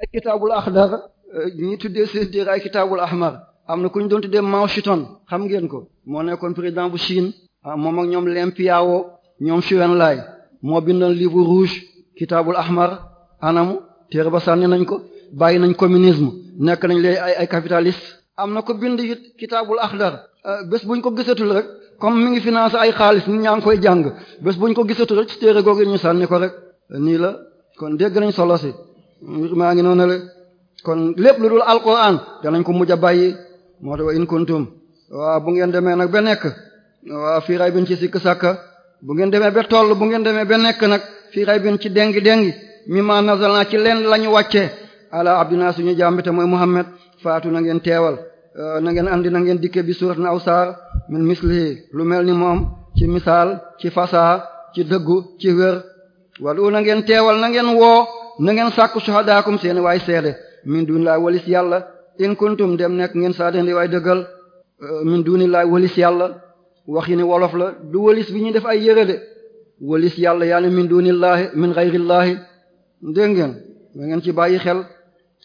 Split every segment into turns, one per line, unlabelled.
ay kitaabul axdar euh, ñi tuddee seen diir ay kitaabul ahmar am na ku ñu doon tuddee Mao Zedong xam ngeen ko moo nekkoon président bu Chine ah, moom ak ñoom Leng Piao ñoom Xu Wenlai moo bindoon livre rouge kitaabul ahmar anamu téere ba sànni nañ ko bàyyi nañ communisme nekk nañ léegi ay ay capitaliste am na ko bind it kitaabul axdar euh, bés buñ ko gisatul rek comme mu ngi finance ay xaalis nit ñaa ngi koy jàng bés buñ ko gisatu rek ci téere googu ñu sànni ko rek nii la kon dégg nañ solo mbir maa ngi noonu la kon lépp lu dul alquran danañ ko mujj a bàyyi moo tax wa in kuntum waaw bu ngeen demee nag ba nekk waaw fii ray bin ci sikk sàkka bu ngeen demee ba toll bu ngeen demee ba nag fii ray bin ci dengi dengi mi ma nazalna ci leen lañu wàccee ala abdina suñu jàmbite mooy Muhammad faatu na ngeen teewal na ngeen andi na ngeen dikke bi surat na aw saar min mislihi lu mel ni moom ci misaal ci fasaa ci dëggu ci wér wadu na ngeen teewal na woo na ngeen sàkku suhadaakum seen waay seede min duuni laay walis yàlla in kuntum dem nekk ngeen saadeen di waay dëggal euh, min duuni laay walis yàlla waxi wolof la du walis bi ñuy def ay yére de walis yàlla yaani min duunillaahi min gayrillaahi dégg ngeen da ngeen ci bàyyi xel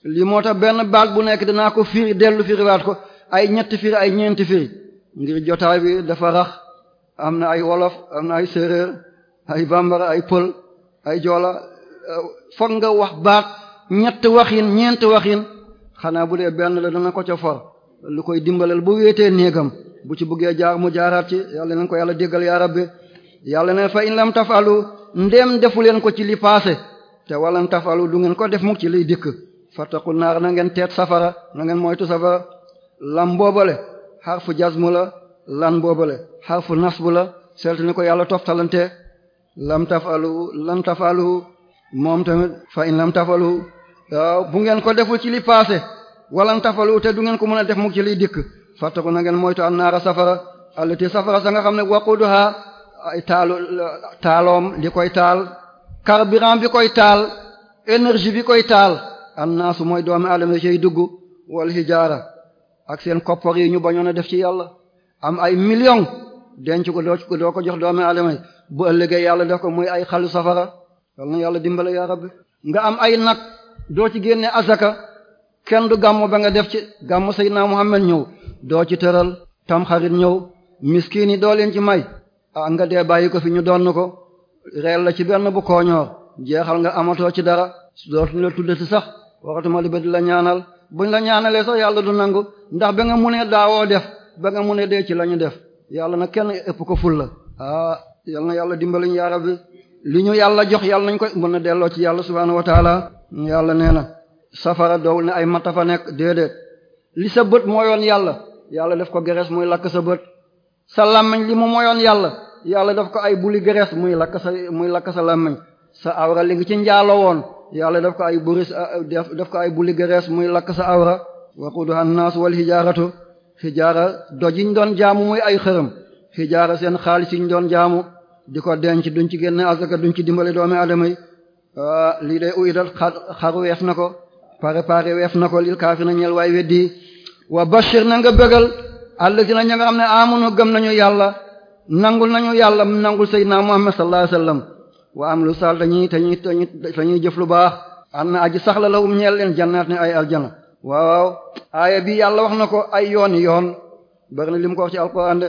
lii moo tax benn baat bu nekk danaa ko firi dellu firiwaat ko ay ñetti firi ay ñeenti firi ngir jotaay bi dafa rax am na ay wolof am na ay séeréer ay bambara ay pël ay joola foog nga wax baat ñett waxin ñeent waxin xanaa bu dee benn la dana ko ca for lu koy dimbalal bu wéetee néegam bu ci buggee jaar mu jaaraat ci yàlla nañ ko yàlla déggal yaa rabbi yàlla ne fa in lam tafalu ndéem defu leen ko ci li passé te walam tafalu du ngeen ko def mukk ci liy dikk fa fattaqu naar na ngeen teet safara na ngeen moytu safara lam boobale xarfu jazmu la lan boobale xarfu nasbu la seetlu ni ko yàlla toftalante lam lam tafalu moom tamit fa in lam tafalu bu ngeen ko deful ci li passé walam tafalu te du ngeen ko mën a def mukk ci liy dikk fattaku na ngeen moytu annaara safara allati safara sa nga xam ne waquduha taalu taaloom di koy taal carburant bi koy taal energi bi koy taal annaasu mooy doomi aadama ciy dugg wal hijaara ak seen koppar yi ñu bañoon a def ci yàlla am ay millions denc ko doo ko jox doomi aadama bu ëllëgee yàlla def ko muy ay xalu safara yal na yàlla dimbale yaa rabbi nga am ay nag doo ci génne azaka kenn du gàmmu ba nga def ci gàmmu Seydina Muhammad ñëw doo ci tëral tam xarit ñëw miskin yi doo leen ci may ah nga dee bàyyi ko fi ñu doon ko reel la ci benn bu kooñoor jeexal nga amatoo ci dara dootuñu la tuddati sax waxatuma li ba di la ñaanal buñ la ñaanalee sax yàlla du nangu ndax ba nga munee daawoo def ba nga munee dee ci la ñu def yàlla na kenn ëpp ko ful la ah, yàlla dimbaliñ li ñu yàlla jox yàlla nañ ko mën na delloo ci yàlla subhaanahu wa taala yàlla nee na safara dowul ne ay mata fa nekk déedéet li sa bët mooyoon yàlla yàlla def ko gerees muy lakk sa bët sa làmmiñ li mu mooyoon yàlla yàlla def ko ay buli gerees muy lakk sa muy lakk sa làmmiñ sa awra li ngi ci njaalo woon yàlla def ko ay buris def ko ay buli gerees muy lakk sa awra waquduha an-nas wal hijaratu hijaara dojiñ doon jaamu muy ay xërëm hijaara seen xaalis yiñ doon jaamu di ko denc duñ ci génne azaka duñ ci dimbali doomi aadama yi ah, lii day uydal xaru weef na ko pare pare weef na ko lil kaafir na ñeel waay weddi wa bashir na nga bégal na ña nga xam ne amunu gëm nañu yàlla nangul nañu yàlla nangul sayyidina muhammad sallallahu alayhi wasallam wa am lu sal dañuy dañuy dañuy jëf lu baax an na aji saxla lahum ñeel leen jannaat ne ay aljana waaw aaya bi yàlla wax na ko ay yoon yoon bari na li mu ko wax ci alquran de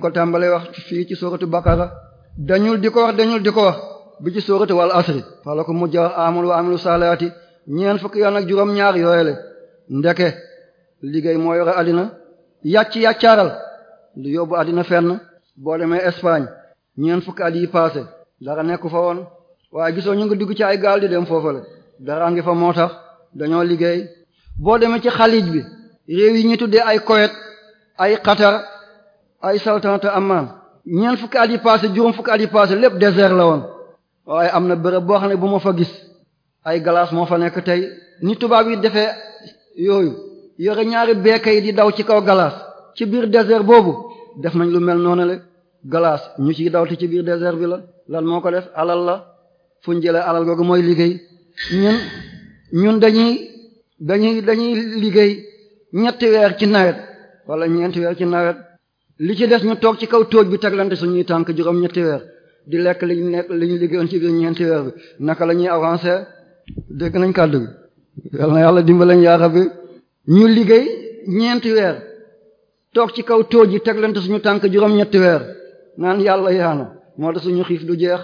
ko tàmbalee wax fii ci suratu baqara dañul di ko wax dañul di ko wax bi ci sóoratu wal asri fala ko mujj wax amul wa amilu salaati ñeent fukki yoon ak juróom ñaar yooyele ndeke liggéey moo yore àddina yàcc yàccaaral di yóbbu àddina fenn boo demee Espagne ñeent fukki at yi passé dara nekku fa woon waaye gisoo ñu ngi dugg ci ay gaal di dem foofale dara ngi fa moo tax dañoo liggéey boo demee ci xalij bi réew yi ñu tuddee ay Koweït ay Qatar ay saltanate Amman ñeent fukki at yi passé juróom fukki at yi passé lépp désert la woon waaye am na bërëb boo xam ne bu ma fa gis ay glace moo fa nekk tey ni tubaab yi defee yooyu yore ñaari beeke yi di daw ci kaw glace ci biir désert boobu def nañ lu mel noonu la glace ñu ciy daw te ci biir désert bi la lan moo ko def alal la fu ñu jëlee alal googu mooy liggéey ñun ñun dañuy dañuy dañuy liggéey ñetti weer ci nawet wala ñeenti weer ci nawet. li ci des ñu toog ci kaw tóoj bi teglante suñuy tànk juróom ñetti weer di lekk liñ nekk liñ liggéeyoon ci biir ñeenti weer bi naka la ñuy avancer dégg nañ kàddu bi yal na yàlla dimbalañ yaara bi ñu liggéey ñeenti weer toog ci kaw tóoj yi teglante suñu tànk juróom ñetti weer naan yàlla yaana moo tax suñu xiif du jeex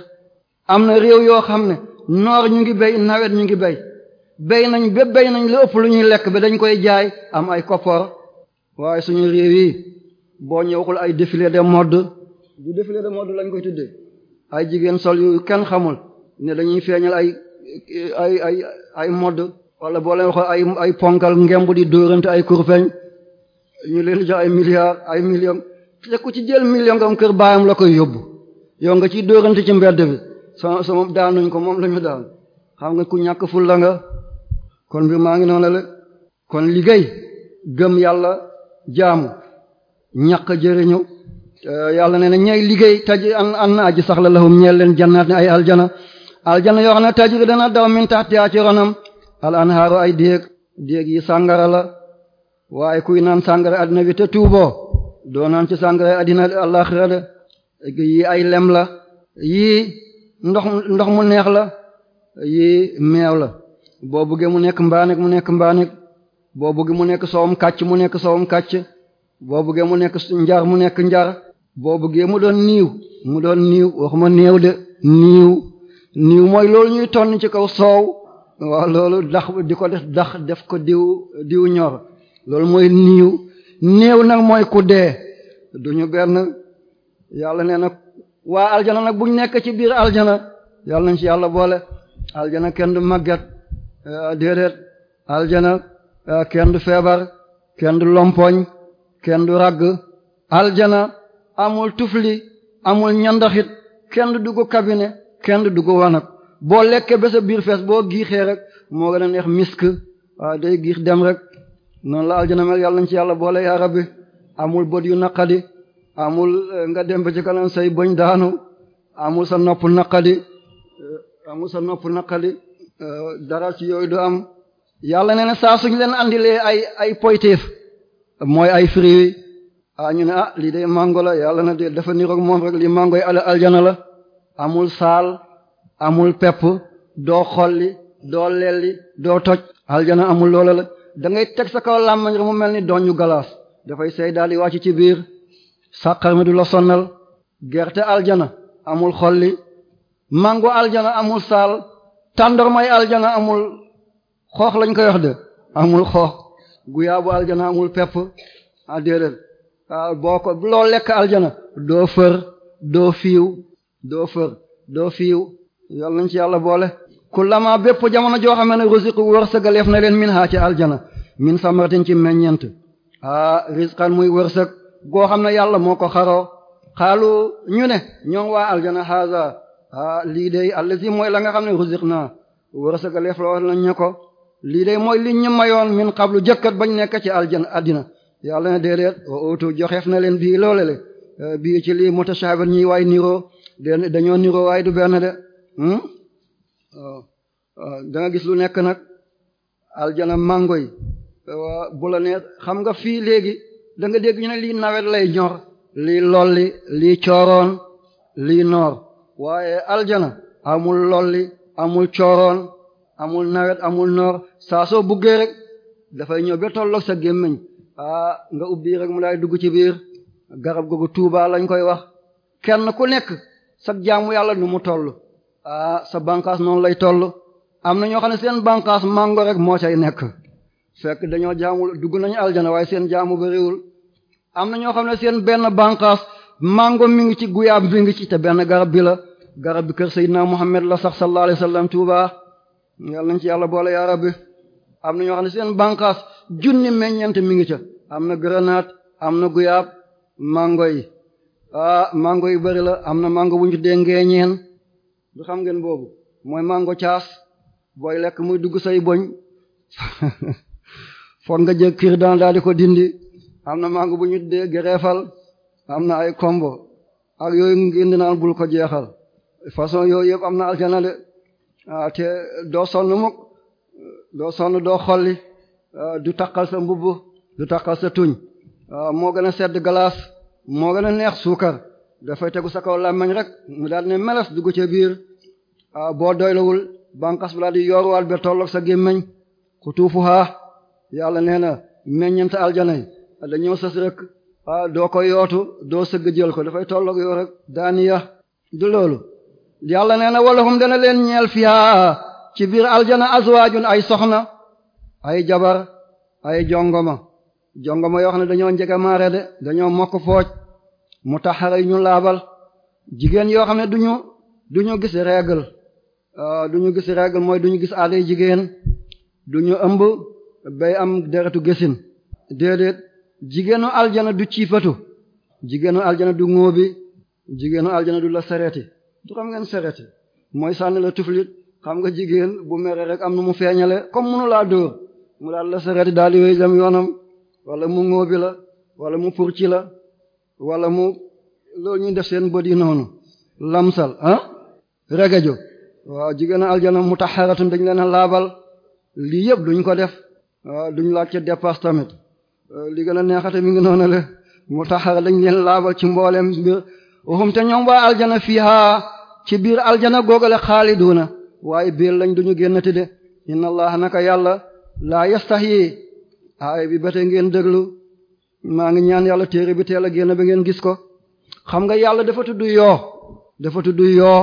am na réew yoo xam ne noor ñu ngi béy nawet ñu ngi béy béy nañ bépp béy nañ lu ëpp lu ñuy lekk ba dañ koy jaay am ay koppoor waaye boo ñëwxul ay défilé de mode du défilé de mode lañ koy tuddee ay jigéen sol yu kenn xamul ne dañuy feeñal ay ay ay ay mode wala boo leen waxoon ay ay ponkal ngemb di dóorante ay kurpeñ ñu leen jox ay milliards ay millions te ku ci jël million nga kër baayam la koy yóbbu yow nga ciy dóorante ci mbedd bi sama sama daanuñ ko moom lañu ñu daan xam nga ku ñàkk ful la nga kon bi maa ngi noonu la kon liggéey gëm yàlla jaamu ñàq jëriñu euh, yàlla nee na ñay liggéey taj an an na aji saxla lahum ñeel leen jannaat ne ay aljana aljana yoo xam ne tajri dana daw min tahtiha ci ronam al anhaaru ay déeg déeg yi sàngara la waaye kuy naan sàngara addina bi te tuuboo doo naan ci sàngara addina àllaxira de yi ay lem la yii ndox ndox mu neex la yii meew la boo bëggee mu nekk mbaanik mu nekk mbaanik boo bëggee mu nekk soowum kàcc mu nekk soowum kàcc boo bëggee mu nekk njar mu nekk njar boo bëggee mu doon niiw mu doon niiw waxuma néew de niiw niiw mooy loolu ñuy tonn ci kaw soow waaw loolu dax di ko def dax def ko diw diw ñor loolu mooy niiw néew nag mooy ku dee du ñu benn yàlla nee na waa aljana nag bu nekk ci biir aljana yàlla nañ ci yàlla boole aljana kenn du màgget eh, déedéet aljana eh, kenn feebar kenn du lompoñ kenn du ragg aljana amul tufli amul ñandaxit kenn du dugg cabinet kenn du dugg wanag boo lekkee ba sa biir fees boo giixee rek moo gën a neex misk waaye day giix dem rek noonu la aljana mel yàlla nañ ci yàlla boole yaa rabbi amul bët yu naqadi amul eh, nga dem ba ci kanam say bëñ daanu amul sa nopp naqadi eh, amul sa nopp naqadi eh, dara ci yooyu du am yàlla nee na leen andilee ay ay poyteef mooy ay fruits ah, ñu ne ah lii de mango la yàlla na de dafa niroog moom rek lii mango yi ala aljana la amul saal amul pepp doo xolli doo lelli doo toj aljana amul loole la dangay teg sa kaw làmmañ rek mu mel ni doon ñu galaas dafay sey daal di wàcc ci biir sàqar mi du la sonnal gerte aljana amul xolli màngo aljana amul saal tàndormay aljana amul xoox lañ koy wax de amul xoox guyaabu aljana amul pepp a ah, déedéet ah boo ko loo lekk aljana doo fër doo fiiw doo fër doo fiiw yal nañ ci yàlla boole ku lama bépp jamono joo xam ne ruziqu wërsëgaleef na leen min haa ci aljana min samaratin ci meññent ah rizqan muy wërsëg goo xam ne yàlla moo ko xaroo xaalu ñu ne ñoom waa aljana haza ah lii de allazi mooy la nga xam ne ruziq naa wërsëgaleef la woon nañ ne ko lii de mooy li ñu mayoon min qablu jëkkat bañ nekk ci aljana àddina yàlla ne déedéet wa utu joxeef na leen bii loole le euh, bii ci lii mutashaabih ñi waay niroo dañoo niroo waay du benn de hmm? oh. euh, da gis lu nekk nag aljana mango yi bu xam nga fii léegi danga dégg ñu ne lii nawet lay ñor lii lolli lii cooroon lii noor waaye aljana amul lolli amul cooroon amul nawet amul noor saa soo buggee rek dafay ñëw ba tolloog sa gémmiñ ah nga ubbi rek mu lay dugg ci biir garab googu tuubaa lañ koy wax kenn ku nekk sa jaamu yàlla nu mu toll ah sa banqaas noonu lay toll am na ñoo xam ne seen bànqaas mango rek moo cay nekk fekk dañoo jaamul dugg nañu aljana waaye seen jaamu bariwul am na ñoo xam ne seen benn bànqaas mango mi ngi ci guyaab mi ngi ci te benn garab bi la garab bi kër Seydina Muhammad la sax sallallahu alayhi wasallam tuuba yal nañ ci yàlla boole yaa rabbi am na ñoo xam ne seen bànqaas junni meññeent mi ngi ca am na grenade am na guyaab màngo yi ah màngo yi bëri la am na màngo bu ñu tuddee ngeeñeen du xam ngeen boobu mooy mango caas booy lekk muy dugg say boñ foog nga jël kir daan daal di ko dindi am na màngo bu ñu tuddee gereefal am na ay kombo ak yooyu ngeen di naan bul ko jeexal façon yooyu yëpp am na aljana de waaw ah, te doo sonn mukk doo sonn doo xolli ah, du taqal sa mbubb du taqal sa tuñ ah, moo gën a sedd glace moo gën a neex suukar dafay tegu sa kaw làmmiñ rek mu daal ne meles dugg ca biir boo doylawul banqas bi daal di yoruwaat ba tolloog sa gémmiñ ku tuufu haa yàlla nee na meññeent aljanay dañoo sës rek doo koy yootu doo sëgg jël ko dafay tolloog yoo rek daaniya du loolu yàlla nee na walahum dana leen ñeel fiha ci biir aljana azwaajun ay soxna ay jabar ay jongoma jongoma yoo xam ne dañoo njege maare de dañoo mokk mu fooj mutahara ñu laabal jigéen yoo xam ne duñu duñu gis règle euh, ñu gis règle mooy duñu gis aaday jigéen duñu ëmb bay am deretu gésin déedéet jigéenu aljana du ciifatu jigéenu aljana du ŋóobi jigéenu aljana du la du xam ngeen sereti mooy sànni la tuflit xam nga jigéen bu mere rek am na mu feeñale comme munu laa dóor mu daal la sereti daal di wéy dem yoonam wala mu ŋóobi la wala mu purci la wala mu loolu ñuy def seen bët yi noonu lamsal ah regejo waaw jigéen aljana mutahharatun dañ leen laabal lii yëpp duñ ko def waaw duñ laaj ci dépasse tamit euh, li gën a neexate mi ngi noonu le mutahhara dañ leen laabal ci mbooleem mbir waxum te ñoom waa aljana fiha ci biir aljana googale xaaliduuna waaye biir lañ duñu génnati de inna allah naka yàlla laa yastahi aay bi ba tey ngeen déglu maa ngi ñaan yàlla téere bi teel a génn ba ngeen gis ko xam nga yàlla dafa tudd yoo dafa tudd yoo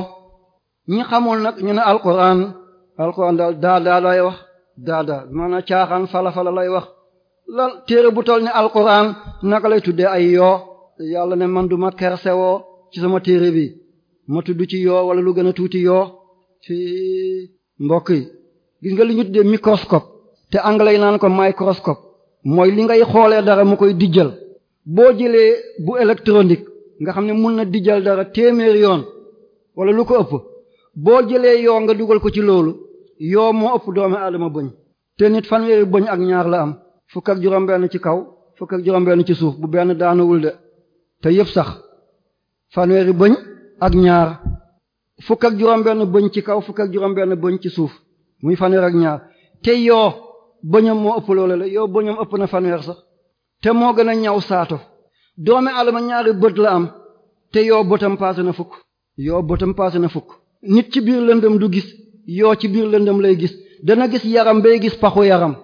ñi xamul nag ñu ne alquran alquran daal daadaa lay wax daadaa maanaam caaxaan falafala lay wax la téere bu toll ni alquran naka lay tuddee ay yoo yàlla ne man du ma kerse ci sama téere bi ma tudd ci yoo wala lu gën a tuuti yoo fi mbokk yi gis nga li ñu tuddee microscope te anglais yi naan ko microscope mooy li ngay xoolee dara mu koy dijjal boo jëlee bu électronique nga xam ne mun na dijjal dara téeméer yoon wala lu ko ëpp boo jëlee yoo nga dugal ko ci loolu yoo moo ëpp doomi aadama bëñ te nit fanweeri bëñ ak ñaar la am fukk ak juróom-benn ci kaw fukk ak juróom-benn ci suuf bu benn daanawul de te yëpp sax fanweeri bëñ ak ñaar fukk ak juróom-benn bëñ ci kaw fukk ak juróom-benn bëñ ci suuf muy fanweer ak ñaar te yoo bëñam moo ëpp loolu la yoo bëñam ëpp na fanweer sax te moo gën a ñaw saato doomi adama ñaari bët la am te yoo bëtam paase na fukk yoo bëtam paase na fukk nit ci biir lëndëm du gis yoo ci biir lëndëm lay gis dana gis yaram bay gis paxu yaram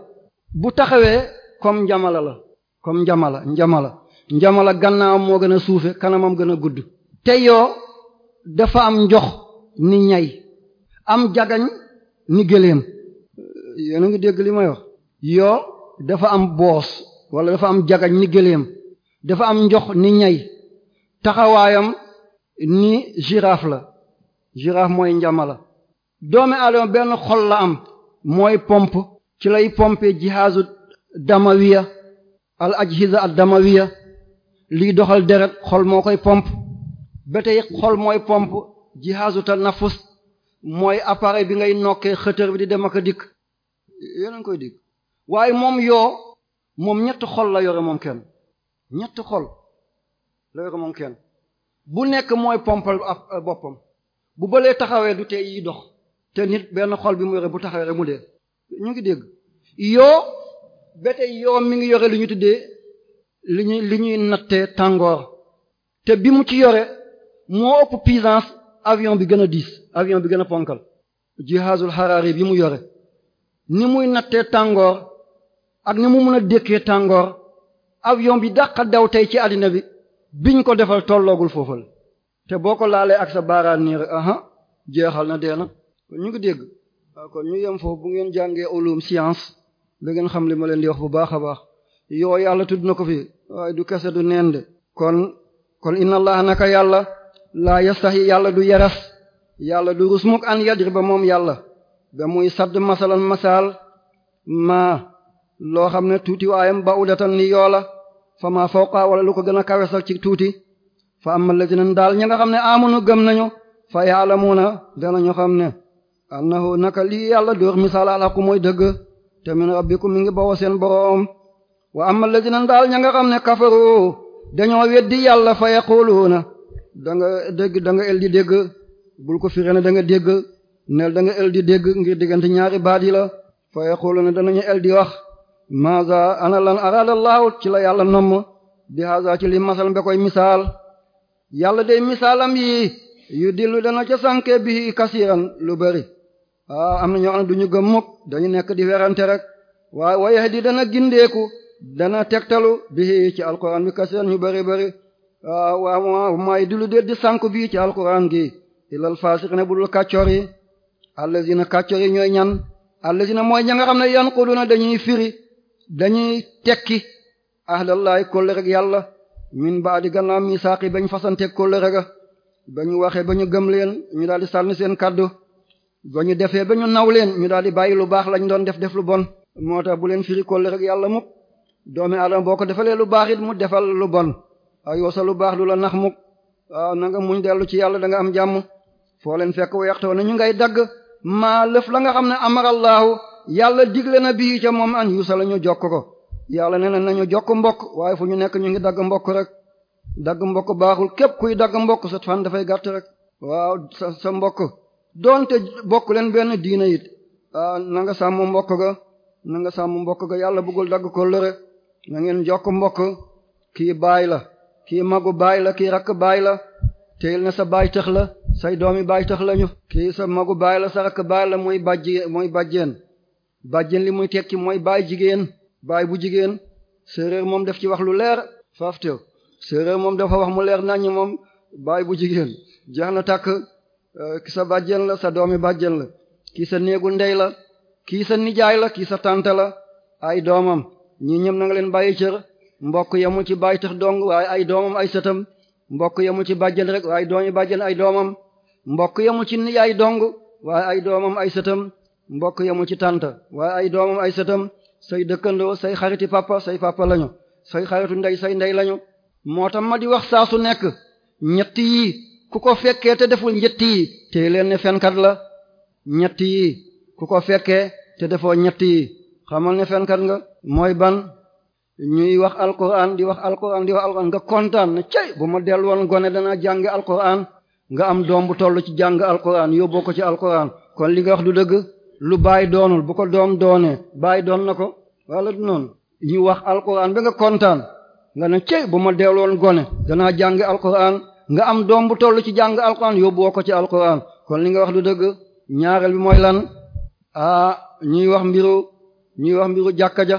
bu taxawee comme njamala la comme njamala njamala njamala gannaaw moo gën a suufe kanamam gën a gudd te yoo dafa am njox ni ñay am jagañ ni gëléem yéen a ngi dégg li may wax yoo dafa am boos wala dafa am jagañ ni gëléem dafa am njox ni ñay taxawaayam ni giraaf la giraaf mooy njama la doomi aadama benn xol la am mooy pompe ci lay pompe jihaazu damawiya al ajhiza ad damawiya liy doxal deret xol moo koy pompe ba tey xol mooy pompe jihaazu tanafus mooy appareil bi ngay nokkee xëtër bi di dem ak a dikk yéen koy dikk waaye moom yoo moom ñett xol la yore moom kenn ñett xol la yore moom kenn bu nekk mooy pompal boppam bu bëlee taxawee du tee yi dox te nit benn xol bi mu yore bu taxawee rek mu de ñu ngi dégg yoo ba tey yoo mi ngi yore li ñu tuddee li ñuy li ñuy nattee tàngoor te bi mu ci yore moo ëpp puissance avion bi gën a diis avion bi gën a ponkal jihazul harari bi mu yore ni muy nattee tàngoor ak ni mu mën a dékkee tàngoor avion bi dàqa daw tey ci àddina bi biñ ko defal tolloogul foofal te boo ko laalee ak sa baaraan nii rek aha jeexal na dee na ñu ngi dégg kon ñu yem foofu bu ngeen jàngee ulum science da ngeen xam li ma leen di wax bu baax a baax yoo yàlla tudd na ko fi waaye du kese du neen kon kon inna allah naka yàlla laa yastahi yàlla du yeres yàlla du rus mukk an yadriba moom yàlla ba muy sadd masalan masal maa loo xam ne tuuti waayam ba udatan ni yoola fa maa fawqa wala lu ko gën a kawe ci tuuti fa amal lazina daal ñi nga xam ne amunu gëm nañu fa ya'lamuna danañu xam ne annahu naka lii yàlla dóor misaal alhaqu mooy dëgg te min rabbikum mi ngi bawoo seen boroom wa amal lazina daal ñi xam ne kafaru dañoo weddi yàlla fa yaquluna da dégg da nga el di dégg bul ko firee ne da nga dégg neel da el di dégg ngir diggante ñaari baat yi la fa yaquluna danañu el di wax maza ana lan arada ci la yàlla nomm bi haza ci li masal mbe misaal yàlla day misaalam yi yu dillu dana ca sànke bi kasiran lu bari ah am na ñoo xam ne du dañu nekk di werante rek waaye waye di dana gindeeku dana tegtalu bi ci alquran bi kasiran ñu bari bari Ah, waaw may di lu dee di sànk bii ci alquran gi ilal faasiqina budul kàccoor yi allazina kàccoor yi ñooy ñan allazina mooy ña nga xam ne yanquduna dañuy firi dañuy tekki ahdallaahi rek yàlla di min baadi gannaaw misaaqi bañ fasante kóllërega ba ñu waxee ba ñu gëm leen ñu daal di sànni seen kàddu ba ñu defee ba ñu naw leen ñu daal di bàyyi lu baax lañ doon def def lu bon moo tax bu leen firi rek yàlla mukk doomi aadama boo ko defalee lu baax it mu defal lu bon yoosal lu baax du la nax mukk waaw na nga muñ dellu ci yàlla da nga am jàmm foo leen fekk wa yaxtoo na ñu ngay dagg maa lëf la nga xam ne amarallaahu yàlla digle na bii ca moom an yusa la ñu jokk ko yàlla nee na nañu jokk mbokk waaye fu ñu nekk ñu ngi dagg mbokk rek dagg mbokk baaxul képp kuy dagg mbokk sa fan dafay gàtt rek waaw sa sa mbokk doonte bokk leen benn diina it ah na nga sàmm mbokk ga na nga sàmm mbokk ga yàlla bëggul dagg ko lëre ngeen jokk mbokk kii baay la kii magu baay la kii rakk baay la teyil na sa baay tax la say doomi baay tax lañu kii sa magu baay la sa rakk baay la mooy bàjji mooy bàjjeen bàjjeen li muy tekki mooy baay jigéen baay bu jigéen séeréer moom def ci wax lu leer faaftew séeréer moom dafa wax mu leer naññ moom baay bu jigéen jeex na tàkk euh, ki sa bàjjeen la sa doomi bàjjeen la kii sa néegu ndey la kii sa nijaay la kii sa tante la ay doomam ñii ñëm na nga leen bàyyi cër mbokk yamu ci baay tax dong waaye ay doomam ay sëtam mbokk yamu ci bàjjen rek waaye doomi bàjjen ay doomam mbokk yamu ci yaay dong waaye ay doomam ay sëtam mbokk yamu ci tànt waaye ay doomam ay sëtam say dëkkandoo say xariti papa say papa lañu say xaritu ndey say ndey lañu moo tam ma di wax saa su nekk ñetti yi ku ko fekkee te deful ñett yi te leen ne fenkat la ñetti yi ku ko fekkee te defoo ñetti yi xamal ne fenkat nga mooy ban ñuy wax alquran di wax alquran di wax nga kontaan na cay bu ma dellu woon gone danaa jàng alquran nga am doom bu toll ci jàng alquran yóbboo ko ci alquran kon li nga wax du dëgg lu bàyyi doonul bu ko doom doonee bàyyi doon na ko wala du noonu ñu wax alquran ba nga kontaan nga ne cey bu ma dellu woon gone danaa jàng alquran nga am doom bu toll ci jàng alquran yóbboo ko ci alquran kon li nga wax du dëgg ñaareel bi mooy ah, ñuy wax mbiru ñuy wax mbiru jàkka ja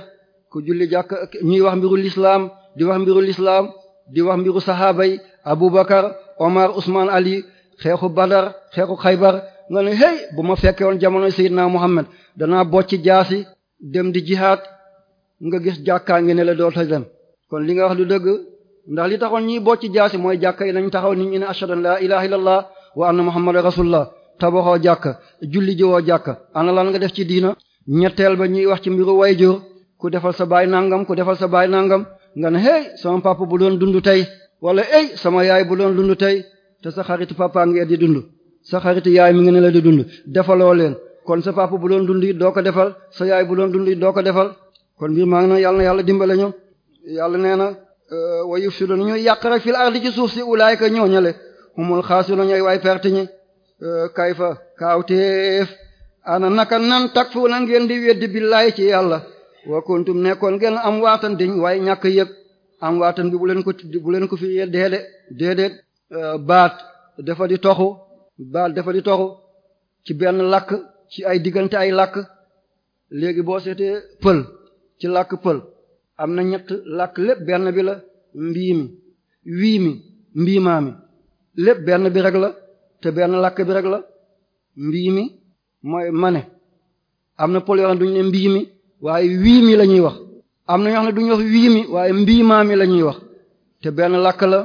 ku julli jàkk ñuy wax mbiru lislaam di wax mbiru lislaam di wax mbiru sahaaba yi Abubakar Omar Ousmane Ali xeexu Badar xeexu Xaybar nga ne hey bu ma fekkee woon jamono Seydina Muhammad danaa bocci jaasi dem di jihaad nga gis jàkkaa ngi ne la dootoo dem kon li nga wax du dëgg ndax li taxoon ñiy bocci jaasi mooy jàkka yi nañ taxaw ni ñi ne ashhadu an laa ilaaha illallah wa anna Muhammadan rasulullah tabaxoo jàkka julli jiwoo jàkka ana nga def ci diina ñetteel ba ñuy wax ci mbiru ku defal sa baay nangam ku defal sa baay nangam nga ne hey sama papa bu doon dund tey wala hey sama yaay bu doon dund tey te sa xaritu papa ngeen di dund sa xaritu yaay mi ngi ne la di dund defaloo leen kon sa papa bu doon dund it doo ko defal sa yaay bu doon dund it doo ko defal kon mbir maa ngi na yàlla yàlla dimbale ñu yàlla nee na euh, wa yufsidun ñu yàq rek fil ardi ci suuf si ulaayka ñoo ñale humul xaasirun ñooy waay perte ñi euh, kayfa kaawteef ana naka nan takfuuna ngeen di weddi billaay ci yàlla wa kuntum nekkoon ngeen am waatan diñ waaye ñàkk yëg am waatan bi bu leen ko bu leen ko fi déedé déedéet euh, baat dafa di toxu baat dafa di toxu ci benn làkk ci ay diggante ay làkk léegi boo seetee pël ci làkk pël am na ñett làkk lépp benn bi la mbii mi wii mi mbiimaa mi lépp benn bi rek la te benn làkk bi rek la mbii mi mooy mane am na pël yoo xam duñu ne mbii mi waaye wii mi la ñuy wax am na ñoo xam ne du ñoo wax wii mi waaye mbiimaa mi la ñuy wax te benn làkk la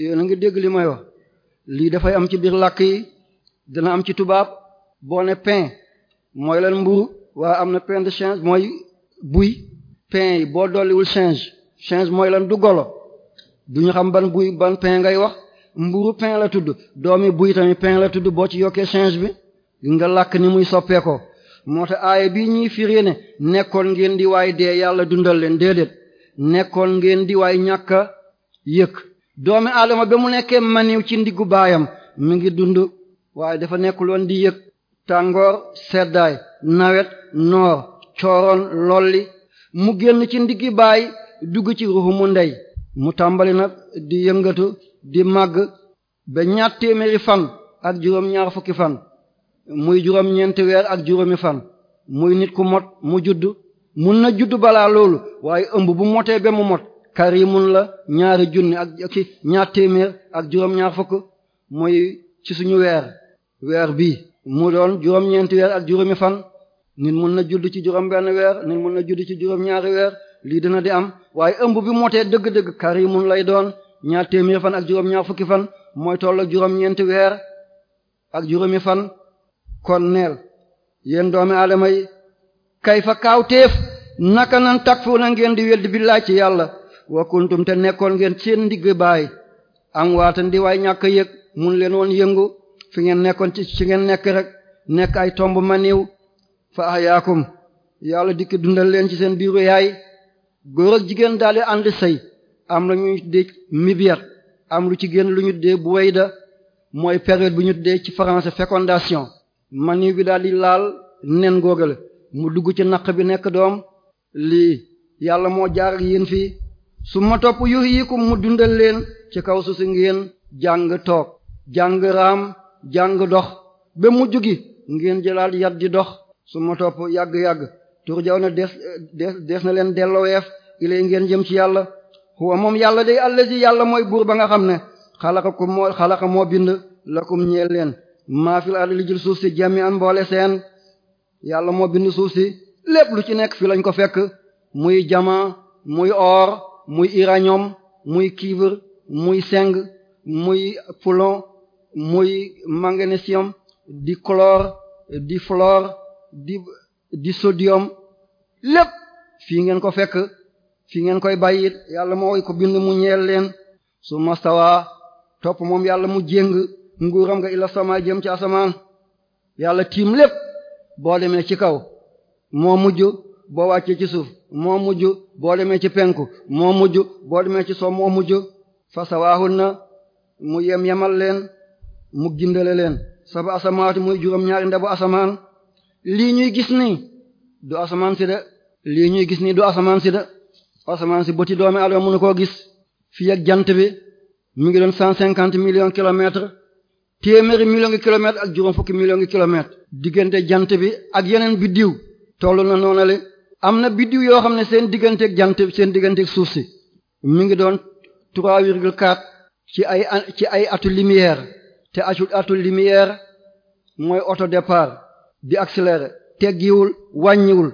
yéen a ngi dégg li may wax lii dafay am ci biir làkk yi dina am ci tubaab boo ne pain mooy leen mburu waaye am na pain de change mooy buy pain yi boo dolliwul change change mooy lan du golo ñu xam ban buy ban pain ngay wax mburu pain la tudd doomi buy tamit pain la tudd boo ci yokkee change bi nga làkk ni muy soppeekoo moo tax aaya bii ñuy firee ne nekkoon ngeen di waay dee yàlla dundal leen déedéet nekkoon ngeen di waay ñàkk a doomi aadama ba mu nekkee maniw ci ndiggu baayam mi ngi dund waaye dafa nekkul woon di yëg tàngoor seddaay nawet noor cooroon lolli mu génn ci ndiggi baay dugg ci ruxu mu ndey mu tàmbali nag di yëngatu di màgg ba ñaat téeméeri fan ak juróom ñaar fukki fan muy juróom-ñeenti weer ak juróomi fan muy nit ku mot mu judd mun na judd balaa loolu waaye ëmb bu motee ba mu mot karimun la ñaari junni ak ci ñaar téeméer ak juróom-ñaar fukk muy ci suñu weer weer bii mu doon juróom-ñeenti weer ak juróomi fan nit mun na judd ci juróom-benn weer nit mun na judd ci juróom-ñaari weer lii dina di am waaye ëmb bi motee dëgg-dëgg yi karimun lay doon ñaar téeméer fan ak juróom-ñaar fukki fan mooy toll ak juróom-ñeenti kon neel yéen doomi aadama yi kay fa kaawteef naka nan takfuuna ngeen di weddi billaay ci yàlla wa kuntum te nekkoon ngeen seen ndigg baay am waatan di waay ñàkk yëg mun leen woon yëngu fi ngeen nekkoon ci ci ngeen nekk rek nekk ay tomb maniw fa ahyaakum yàlla dikki dundal leen ci seen biiru yaay góor ak jigéen daal ànd sëy am la ñu tuddee mibyat am lu ci génn lu ñu tuddee bu wayda mooy période bu ñu tuddee ci français fécondation maniw bi daal di laal nen góogale mu dugg ci naq bi nekk doom lii yàlla moo jaar ak fii su ma topp yu yikum mu dundal leen ci kaw su ngeen jàng toog jàng raam jàng dox ba mujj gi ngeen jëlaat yat di dox su ma topp yàgg-yàgg tur jaw na des des des na leen dellooweef ilay ngeen jëm ci yàlla huwa moom yàlla day allazi yàlla mooy buur ba nga xam ne xalaka ko moo xalaka moo bind lakum ñeel leen maa fil ardi li jël suuf si jami an mboole seen yàlla moo bind suuf si lépp lu ci nekk fii lañ ko fekk muy diamant muy or muy uranium muy cuivre muy zinc muy plomb muy magnésium di chlore di fluor di di sodium lépp fii ngeen ko fekk fii ngeen koy bàyyi yàlla moo ko bind mu ñeel leen su mastawa topp moom yàlla mu jéng nguuram nga ila sama jëm ci asamaan yàlla tiim lépp boo demee ci kaw moo mujj boo wàccee ci suuf moo mujj boo demee ci penku moo mujj boo demee ci soo moo mujj fa sawaahun na mu yem yemal leen mu gindale leen saba asamaatu muy juróom ñaari ndebu asamaan lii ñuy gis nii du asamaan si de lii ñuy gis nii du asamaan si de asamaan si bëti doomi adama mënu koo gis fii ak jant bi mu ngi doon cent cinquante millions kilomètres téeméeri million ngi kilomètres ak juróom fukki million ngi kilomètres diggante jant bi ak yeneen biddiw toll na noonale am na biddiw yoo xam ne seen digganteeg jant seen digganteeg suuf si mi ngi doon 3,4 ci ay ci ay atu lumière te atu atu lumière mooy auto départ di accélérer teggiwul wàññiwul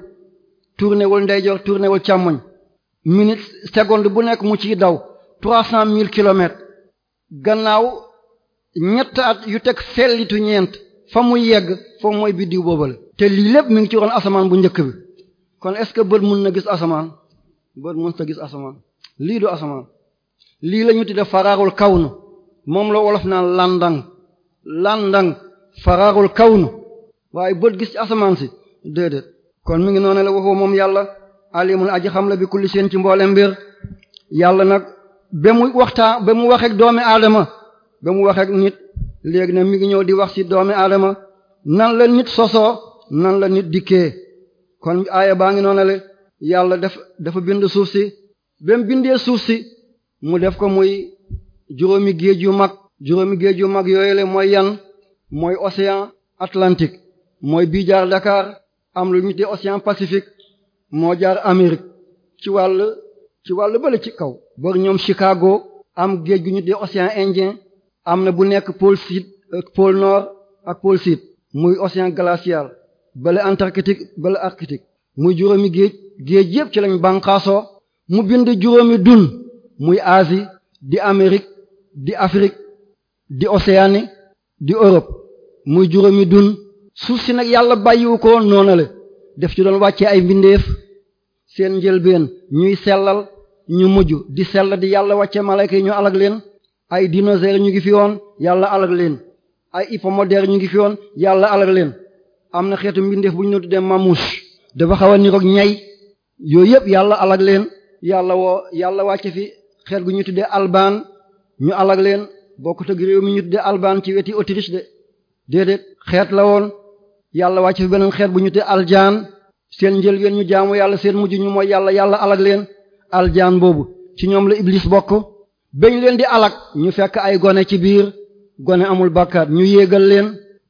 tourné wul ndeyjoor tourné wul càmmoñ minute seconde bu nekk mu ci daw 300 gannaaw. ñett at yu teg sellitu ñeent fa mu yegg foofu mooy biddiw boobale te lii lépp mi ngi ci ron asamaan bu njëkk bi kon est-ce que bët mun na gis asamaan bët mun ta gis asamaan lii du asamaan lii la ñu tudde faraarul kawnu moom la wolof naan landang landang faraarul kawnu waaye bët gis ci asamaan si déedéet kon mi ngi noonu la waxoo moom yàlla alimul aji xam la bi kulli seen ci mboole mbir yàlla nag ba mu waxtaan ba mu waxeek doomi aadama ba mu wax ak nit léegi na mi ngi ñëw di wax ci doomi aadama nan la nit sosoo nan la nit dikkee kon aaya baa ngi noona le yàlla def dafa bind suuf si ba mu bindee suuf si mu def ko muy juróomi géej yu mag juróomi géej yu mag yooyu le mooy yan mooy océan Atlantique mooy bii jaar dakaar am lu ñu te océan Pacifique moo jaar Amérique ci wàll ci wàll bële ci kaw bor ñoom Chicago am géej gi ñu te océan Indien am na bu nekk pôle sud ak pôle ak pôle sud muy océan glacial bale antarctique bale arctique muy juróomi géej géej yépp ci lañu banqaasoo mu bind juróomi dun muy Asie di Amérique di Afrique di Océanie di Europe muy juróomi dun suuf si nag yàlla bàyyiwu ko noonale def ci doon wàccee ay mbindeef seen njëlbeen ñuy sellal ñu mujj di sella di yàlla wàcce malayka yi ñu alag leen ay dinosaures ñu ngi fi woon yàlla alag leen ay hippomodère ñu ngi fi woon yàlla alag leen am na xeetu mbindeef bu ñu doon tuddee mamouche dafa xaw a niroog ñay yooyu yëpp yàlla alag leen yàlla woo yàlla wàcce fi xeet gu ñu tuddee alban ñu alag leen bokkut ak réew mi ñu tuddee albaan ci weti Autriche de déedéet xeet la woon yàlla wàcce fi beneen xeet bu ñu tuddee aljaan seen njël njëlbeen ñu jaamu yàlla seen mujj ñu mooy yàlla yàlla alag leen aljaan boobu ci ñoom bañ leen di alak ñu fekk ay gone ci biir gone amul bàkkaat ñu yéegal leen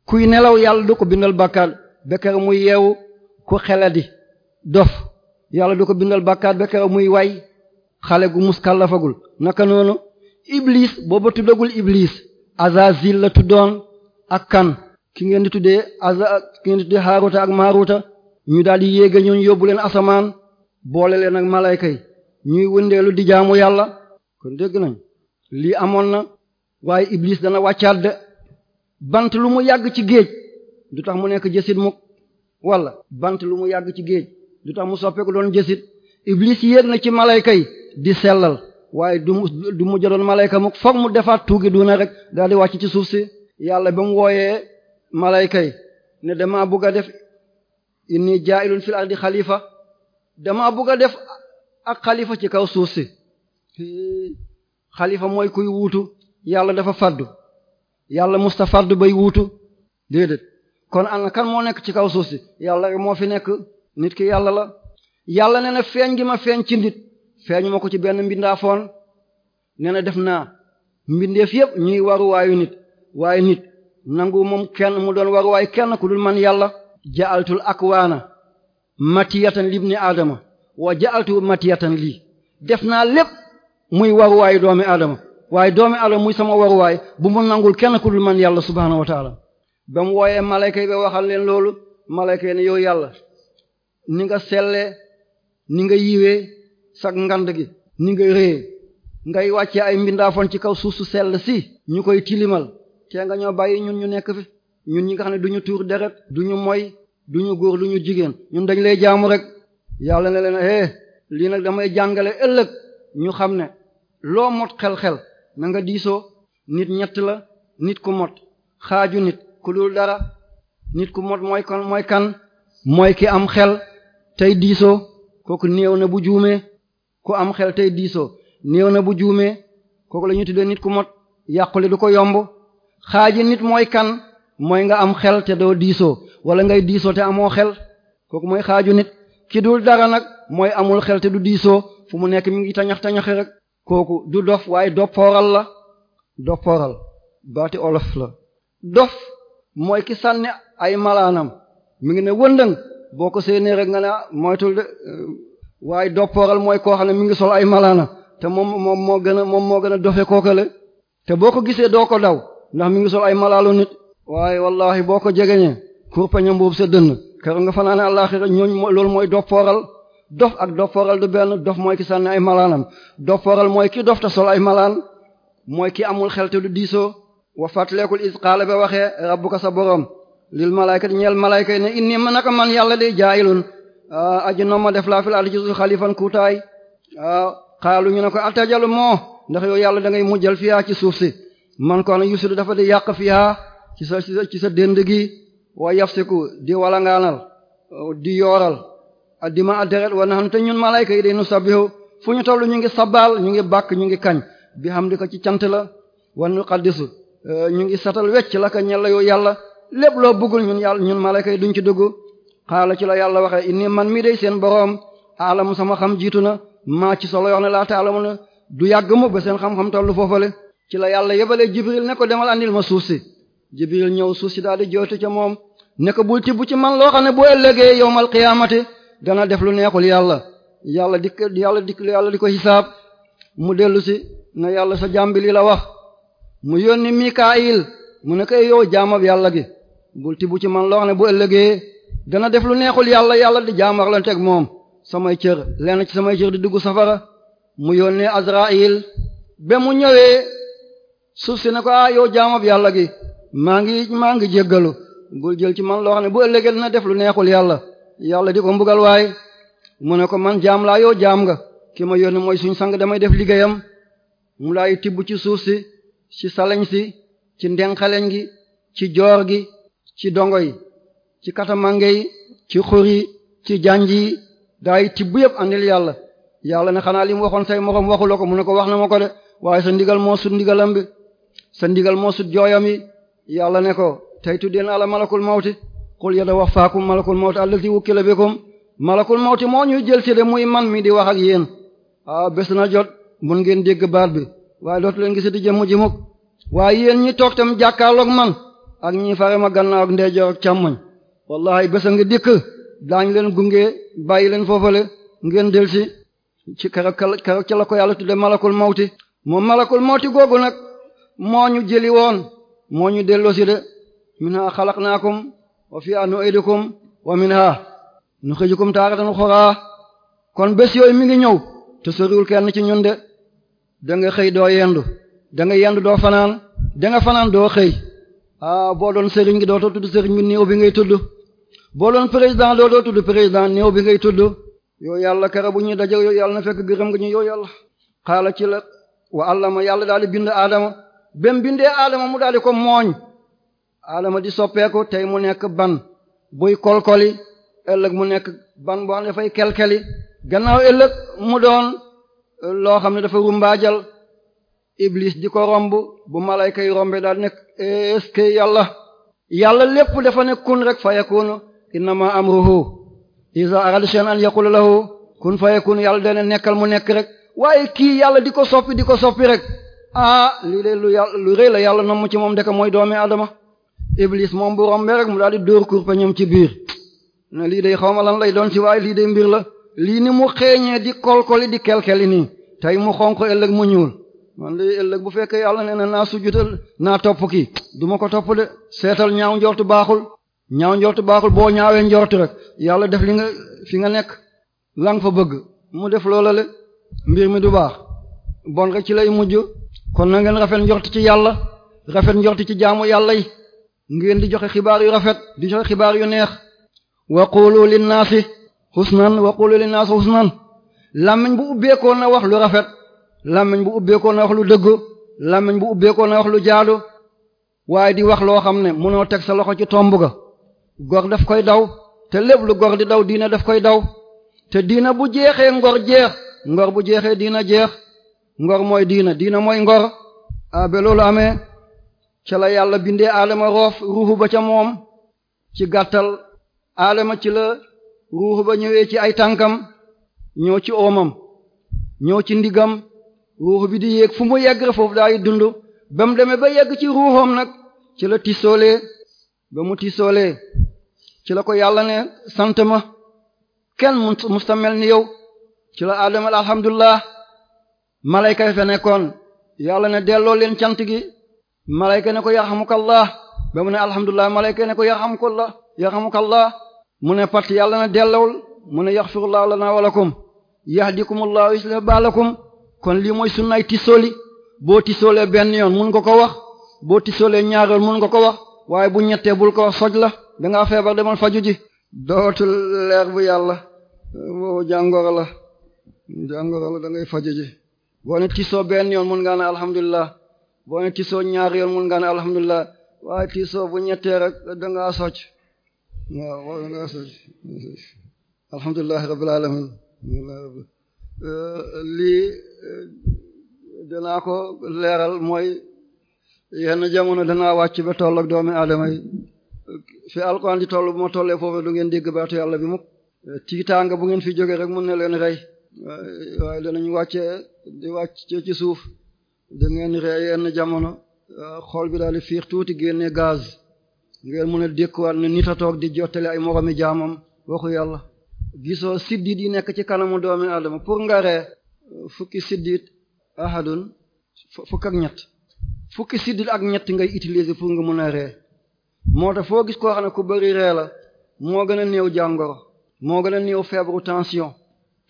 kuy nelaw yàlla du ko bindal bàkkaat bekkeer muy yeewu ku xeladi dof yàlla du ko bindal bàkkaat bekkeer muy way xale gu muskallafagul naka noonu iblis booba tuddagul iblis azazil la tuddoon ak kan ki ngeen di tuddee aza ki ngeen di tuddee haaruta ak maaruta ñu daal di yéegal ñooñu yóbbu leen asamaan boole leen ak malayka yi ñuy wëndeelu di jaamu yàlla kon dégg nañ lii amoon na waaye iblis dana wàccaat de bant lu mu yàgg ci géej du tax mu nekk jësit mukk wala bant lu mu yàgg ci géej du tax mu soppeeku doon jësit iblis yéeg na ci malayka yi di sellal waaye du mu du mu jëloon malayka mukk foog mu defaat tuugi duuna rek daal di wàcc ci suuf si yàlla ba mu wooyee malayka yi ne damaa bugg a def inni jaa'ilun fil ardi xalifa damaa bugg a def ak xalifa ci kaw suuf si xalifa mooy kuy wuutu yàlla dafa faddu yàlla musta faddu bay wuutu déedéet kon ana kan moo nekk ci kaw suuf si yàlla rek moo fi nekk nit ki yàlla la yàlla nee na feeñ gi ma feeñ ci nit feeñu ma ko ci benn mbindaafoon nee na def naa mbindeef yëpp ñuy waruwaayu nit waaye nit nangu moom kenn mu doon waruwaayu kenn ku dul man yàlla ja'altul akwaana matiyatan libni aadama wa ja'altu matiyatan lii def naa lépp muy waruwaayu doomi aadama waaye doomi aadama muy sama waruwaay bu mu nangul kenn ku dul man yàlla subhaanahu wa taala ba mu wooyee malayka yi ba waxal leen loolu malayka yi ne yow yàlla ni nga sellee ni nga yiwee sa ngand gi ni nga réye ngay wàccee ay mbindaafoon ci kaw suuf su sell si ñu koy tilimal te nga ñoo bàyyi ñun ñu nekk fi ñun ñi nga xam ne du ñu tuur deret du ñu moy du ñu góor du ñu jigéen ñun dañ lay jaamu rek yàlla ne leen eh lii nag damay jàngale ëllëg ñu xam ne loo mot xel-xel na nga diisoo nit ñett la nit ku mot xaaju nit ku dul dara nit ku mot mooy kan mooy kan mooy ki am xel tey diisoo kooku néew na bu juumee ku am xel tey diisoo néew na bu juumee kooku la ñu tuddee nit ku mot yàqule du ko yomb xaaji nit mooy kan mooy nga am xel te doo diisoo wala ngay diisoo te amoo xel kooku mooy xaaju nit ki dul dara nag mooy amul xel te du diisoo fu mu nekk mi ngi tañax tañax rek kooku du dof waaye doppooral la doppooral baati olof la dof mooy ki sànni ay malaanam mi ngi ne wëndëng boo ko séenee rek nga ne ah, moytul de euh, waaye doppooral mooy koo xam ne mi ngi sol ay malaana te moom moom moo gën moom moo gën a dofe kookale te boo ko gisee doo ko daw ndax mi ngi sol ay malaalu nit waaye wallahi boo ko jegeñee kurpañam boobu sa dënn kër nga fanaane àllaaxira ñooñ loolu mooy doppooral dof ak dof fooral du benn dof mooy ki sànni ay malaanam dof fooral mooy ki dof te sol ay malaan mooy ki amul xel te du diisoo wa fàttaleekul is xaala ba waxee rabbuka sa boroom lil malaaykat ñeel malaayka yi ne inni ma naka man yàlla day jaayilun ah, aji noom ma def laa fi laal ci suuf xalifan kuutaay ah, ne ko atajalu moo ndax yow yàlla da ngay mujjal fiyaa ci suuf si man kon yusudu dafa di yàq fiyaa ci sa ci sa dënd gi wa yafsiku di walangaanal di yooral addima adderet wa nahnu te ñun malayka yi day nu sabbihu fu ñu tollu ñu ngi sabal ñu ngi bàkk ñu ngi kañ bi xam di ko ci cant la wa nu qaddisu euh, ñu ngi satal wecc la ka ñella yow yàlla lépp loo bëggul ñun yàlla ñun malayka yi duñ ci dugg xaala ci la yàlla waxee inni man mi day seen a aalamu sama xam jiitu na maa ci solo yoo xam ne laa na du yàgg mu ba seen xam-xam tollu foofale ci la yàlla yebalee jibril ne ko demal andil ma suuf si jibril ñëw suuf si daal di ca moom dana def lu neexul yàlla yàlla di yàlla di yàlla di ko xisaab mu dellu si na yàlla sa jàmbi li la wax mu yónni Mikaayil mu ne ko yow jaamab yàlla gi bul tibb ci man loo xam ne bu ëllëgee dana def lu neexul yàlla yàlla di jaamar lan teg moom samay cër lenn ci samay cër di dugg safara mu yónnee Azraayil ba mu ñëwee suuf si ne ko ah yow jaamab yàlla gi maa ngi maa ngi jéggalu bul jël ci man loo xam ne bu ëllëgee dana def lu neexul yàlla yàlla di ko mbugal waay mu ne ko man jaam laa jaam nga ki ma yónni mooy suñ sang damay def liggéeyam mu laay tibb ci suuf si ci saleñ si ci ndenxaleñ gi ci joor gi ci dongo yi ci katamange yi ci xur yi ci janj yi daay tibb yëpp andil yàlla yàlla ne xanaa li mu waxoon say moroom waxuloo ko mu ne ko wax na ma ko de waaye sa ndigal moo sut ndigalam bi sa ndigal moo sut jooyam yi yàlla ne ko tey tuddee naa la malakul mawti qul yatawaffaakum malakul mawti allazi wukkila bikum malakul mawti moo ñuy jël si de muy man mi di wax ak yéen ah bés na jot mun ngeen dégg baat bi waaye dootu leen gisati jëmm ji mukk waaye yéen ñi toog tam jàkkaarloog man ak ñi fare ma gannaaw ak ndeyjoor ak càmmoñ wallahi bés a ngi dikk daañ leen gunge bàyyi leen foofale ngeen del si ci keroog keroog ca la ko yàlla tudde malakul mawti moom malakul mawti googu nag moo ñu jëli woon moo ñu delloosi de minha xalaqnaakum wa fiha nu'idukum wa minha nukhrijukum taratan ukhra kon bés yooyu mi ngi ñëw te soriwul kenn ci ñun de da nga xëy doo yendu da nga yendu doo fanaan danga fanaan doo xëy ah boo doon sëriñ gi dootoo tudd sëriñ bi néew bi ngay tudd boo doon président dootoo tudd président néew bi ngay tudd yow yàlla kara bu ñuy daje yow yàlla na fekk gërëm nga ñu yoo yàlla xaala ci la wa allama yàlla daal di bind aadama bem bindee aadama mu daal di alama di soppeeku tey mu nekk ban buy kolkoli ëllëg mu nekk ban boo xam ne dafay kelkeli gannaaw ëllëg mu doon euh, loo xam ne dafa rumbaajal iblis di ko romb bu malayka yi rombe daal nekk est-ce yàlla yàlla lépp dafa ne kun rek fa yakunu innama amruhu iza arada shay'an an yaqulu lahu kun fa yakunu yàlla dana nekkal mu nekk rek waaye kii yàlla di ko soppi di ko soppi rek ah lii de lu yàlla lu rëy la yàlla mu ci moom dëkk mooy doomi adama iblis moom bu rombee rek mu daal di dóor kurpe ñoom ci biir ne lii day xawma lan lay doon ci waaye lii day mbir la lii ni mu xeeñee di kolkoli di kelkeli nii tey mu xonq ëllëg mu ñuul man lii ëllëg bu fekkee yàlla ne na naa sujjutal naa topp kii du ma ko topp de seetal ñaaw njortu baaxul ñaaw njortu baaxul boo ñaawee njortu rek yàlla def li nga fi nga nekk lang fa bëgg mu def loola le mbir mi du baax bon rek ci lay mujj kon na ngeen rafet njort ci yàlla rafet njort ci jaamu yàlla ngeen di joxe xibaar yu rafet di joxe xibaar yu neex waqulu linnaasi husnan waqulu linnaasi husnan làmmiñ bu ubbeekoo na wax lu rafet làmmiñ bu ubbeekoo na wax lu dëgg làmmiñ bu ubbeekoo na wax lu jaadu waaye di wax loo xam ne mënoo teg sa loxo ci tomb ga gor daf koy daw te lépp lu gor di daw diina daf koy daw te diina bu jeexee ngor jeex ngor bu jeexee diina jeex ngor mooy diina diina mooy ngor abe loolu amee ca la yàlla bindee aadama roof ruuxu ba ca moom ci gàttal aadama ci la ruuxu ba ñëwee ci ay tànkam ñëw ci oomam ñëw ci ndiggam ruuxu bi di yéeg fu mu yegg foofu daay dund ba mu demee ba yegg ci ruuxoom nag ci la tisoolee ba mu tisoolee ci la ko yàlla ne sant ma kenn mel ni yow ci la aadama alhamdulillah malayka yi fa nekkoon yàlla ne delloo leen cant gi malayka ne ko yarhamukallah ba mu ne alhamdulilah malayka ne ko yarhamukallah yarhamukallah mu ne pat yàlla na dellawul mu ne yaxfirullahu lana walakum la yuslih baalakum kon lii mooy su sunnaay tisoli boo tisoolee benn yoon mun nga ko wax boo tisoolee ñaareel mun nga ko wax waaye bu ñettee bul ko wax soj la da ngaa feebar demal faju ji dootul leer bu yàlla boobu jàngoro la jàngoro la da faju ji boo ne tisoo benn yoon mun ngaa boo ne tisoo ñaari yoon mun nga ne alhamdulilah waaye tisoo bu ñettee rek da ngaa socc waaw da ngaa socc alhamdulilah rabbil alamin lii eh, danaa ko leeral mooy yenn jamono danaa wàcc ba toll ak doomi aadama yi fi alquran di toll bu ma tollee foofu du ngeen dégg baatu yàlla bi mukk tiitaanga bu ngeen fi jógee rek mun na leen rey waaye danañ wàcce di wàcce ci suuf da ngeen ree yenn jamono euh, xool bi daal di fiix tuuti génne gaz ngeen mën a dékkuwaat ne nit a toog di jottale ay moromi jaamam waxu yàlla gisoo siddit yi nekk ci kanamu doomi aadama pour nga ree euh, fukki siddit ahadun ak ñett fukki siddit ak ñett ngay utiliser pour nga mën a ree moo tax foo gis koo xam ne ku bari ree la moo gën a néew jàngoro moo gën a néew feebaru tension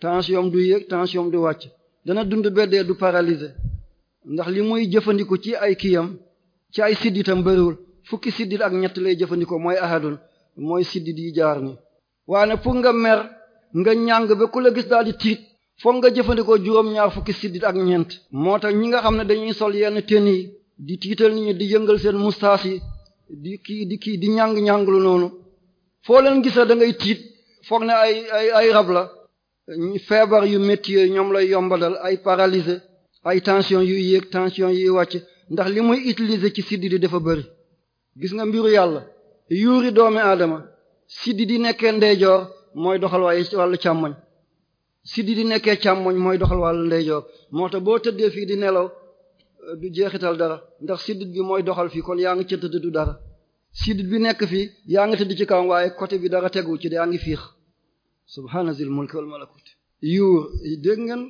tension du yéeg tension du wàcc dana dund beddee du paralysé ndax li muy jëfandikoo ci ay kiyam ci ay sidditam bëriwul fukki siddit ak ñett lay jëfandikoo mooy ahadun mooy siddit yi jaar ni waa nag pour nga mer nga ñàng ba ku la gis daal di tiit foog nga jëfandikoo juróom-ñaar fukki siddit ak ñeent moo tax ñi nga xam ne dañuy sol yenn ten yi di tiital nit ñi di yëngal seen mustaas yi di kii di kii di ñàng-ñàng lu noonu foo leen gisa dangay ngay tiit foog ne ay ay ay rab la feebar yu métti ñoom lay yombadal ay paralysé ay tension yuy yéeg tension yuy wàcc ndax li muy utiliser ci siddi di dafa bëri gis nga mbiru yàlla yuuri doomi aadama siddi di nekkee ndeyjoor mooy doxal waaye wàllu càmmoñ siddi di nekkee càmmoñ mooy doxal wàllu ndeyjoor moo tax boo tëddee fii di nelaw euh, du jeexital dara ndax siddit bi mooy doxal fii kon yaa ngi ca tëdd du dara siddit bi nekk fii yaa ngi tëdd ci kaw waaye côté bi dara tegu ci yaa ngi fiix subhaana zil mulki wal malakut yuur dégg ngeen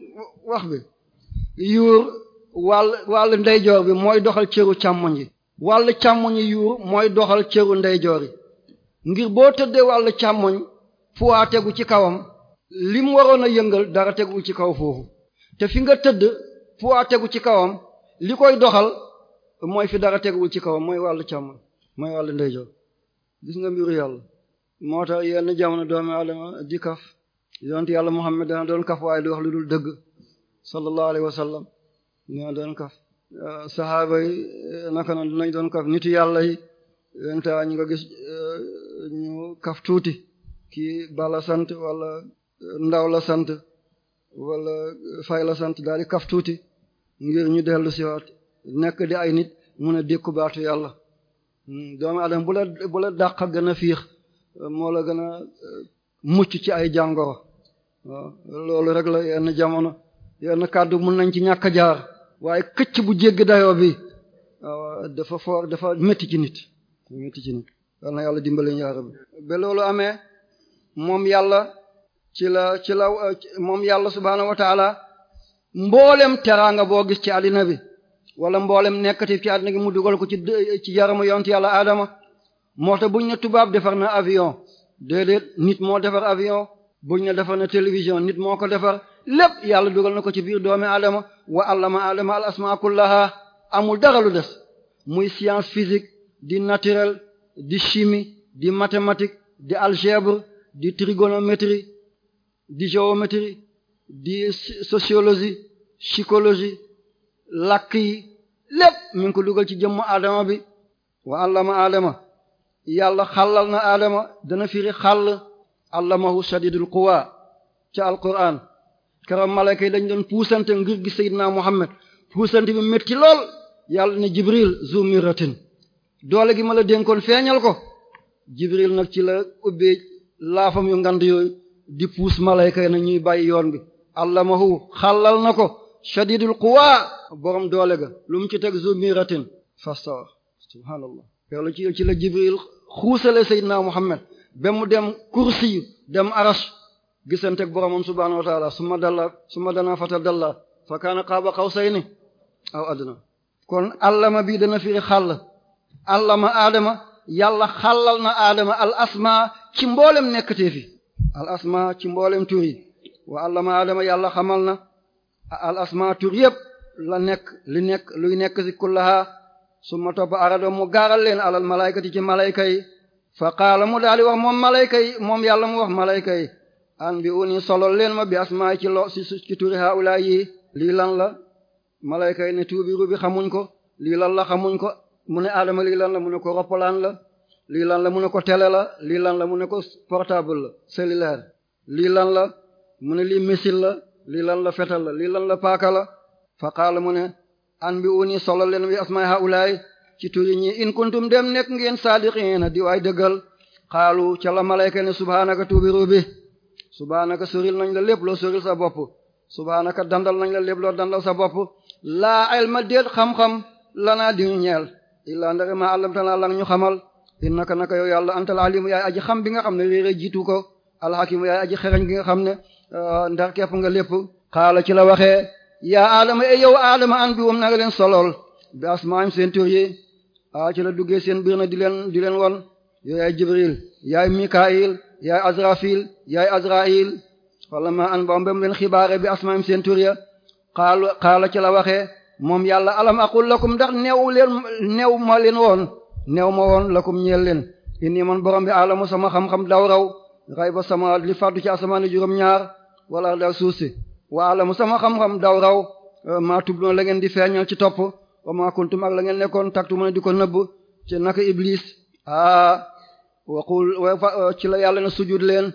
yuur wàll wàll ndeyjoor bi mooy doxal cëru càmmoñ yi wàll càmmoñ yuur mooy doxal cëru ndeyjoor yi ngir boo tëddee wàll càmmoñ poids tegu ci kawam li mu waroon a yëngal dara tegu ci kaw foofu te fi nga tëdd poids tegu ci kawam li koy doxal mooy fi dara teguwul ci kawam mooy wàllu càmmoñ mooy wàllu ndeyjoor gis nga mbiru yàlla moo tax yenn jamono doomi adama di kaf yonent yàlla Muhammad dana doon kaf waaye di wax lu dul dëgg sallallahu alayhi wa sallam doon kaf euh, saxaaba yi euh, naka noonu dinañ doon kaf nitu yàlla yi ñu nga gis euh, ñu tuuti kii bala sant wala ndaw la sant wala fay la sant daal di kaf tuuti ngir ñu dellu siwaat nekk di ay nit mun a dékku baatu yàlla hmm, doomu adam bu la bu dàq gën a fiix moo la gën a mucc ci ay jàngoro loolu rek la yenn jamono na kàddu mën nañ ci ñàkk a jaar waaye këcc bu jéggi dayo bi dafa foor dafa metti ci nit métti ci yàlla dimbale yaa rabbi ba loolu amee moom yàlla ci la ci la moom yàlla subhaanahu wa taala teraanga boo gis ci àddina bi wala mboolem nekkati ci àddina bi mu dugal ko ci ci yaramu yonent yàlla aadama moo tax buñ defar na avion déedéet nit moo defar avion buñ ne defar na télévision nit moo ko defar lépp yàlla dugal na ko ci biir doomi aadama wa allama aadama al asmaa amul dara lu des muy science physique di naturel di chimie di mathématique di algèbre di trigonométrie di géométrie di sociologie psychologie làkk yi lépp mi ngi ko dugal ci jëmm aadama bi wa allama aadama yàlla xallal na aadama dana firi xàll allamahu shadidul quwa ca alquran keroog malayka yi dañ doon puusante ngir gi Seydina Muhammad puusante bi métti lool yàlla ne Jibril zumiratin doole gi ma la dénkoon feeñal ko Jibril nag ci la ubbi laafam yu ngand yooyu di puus malayka yi na ñuy bàyyi yoon bi allamahu xàllal na ko shadidul quwa borom doole ga lu mu ci teg zumiratin fastawa subhaanallah yàlla ci ci la Jibril xuusale Seydina Muhammad ba mu dem kursi dem arash gisanteeg boromam subhaanahu wa taala summa dalla summa dana fata dalla fa kaana qaaba qawsayni aw adna kon allama bii dana firi xàll allama aadama yàlla xàllal na aadama al asma ci mboolem nekkatee fi al asma ci mboolem tur yi wa allama aadama yàlla xamal na al asma tur yëpp la nekk li nekk luy nekk si kullaha summa topp arado mu gaaral leen alal malaykati ci malayka yi fa qaala mu daal di wax moom malayka yi moom yàlla mu wax malayka yi an bi uni solo leen ma bi asmaay ci loo si ci turi haawulaay yi lii lan la malayka yi ne tuubiru bi xamuñ ko lii lan la xamuñ ko mu ne aadama lii lan la mu ne ko roppalaan la lii lan la mu ne ko télé la lii lan la mu ne ko portable la cellulaire lii lan la mu ne lii missile la lii lan la fetal la lii lan la paaka la fa qaala mu ne an bi uni solo leen bi asmaay haawulaay ci turi ñi in kuntum dem nekk ngeen saadiqiina di waay dëggal xaalu ca la malayka ne subhaanaka tuubiru bi subhaanaka soril nañ la lépp loo soril sa bopp subhaanaka dandal nañ la lépp loo dandal sa bopp laa ilma déet xam-xam lanaa di ñeel illaa ndare maa a lan ñu xamal innaka naka yow yàlla antal alimu yaay aji xam bi nga xam ne réere jiitu ko alhakimu yaay aji xereñ bi nga xam ne uh, ndar kepp nga lépp xaala ci la waxee yaa aadama e yow aadama an bi wam na nga leen solool bi asmaam seen tur yi ci la duggee seen biir di leen di leen won yow yaay azrafil yaay azrail wala ma an boom bam leen xibaare bi asmaim seen tur ya xaal ci la waxee moom yàlla alam aqul lakum ndax neew leen neew ma leen woon neew ma woon lakum ñeel leen inni man borom bi alamu sama xam-xam daw raw ray ba sama li fàddu ci asamaani juróom ñaar wala daw suuf wa alamu sama xam-xam daw euh, maa tubloon la ngeen di feeñal ci topp wa maa kuntum ak la ngeen nekkoon taktu mën di ko nëbb ci naka iblis aa waqul ci la yàlla na sujud leen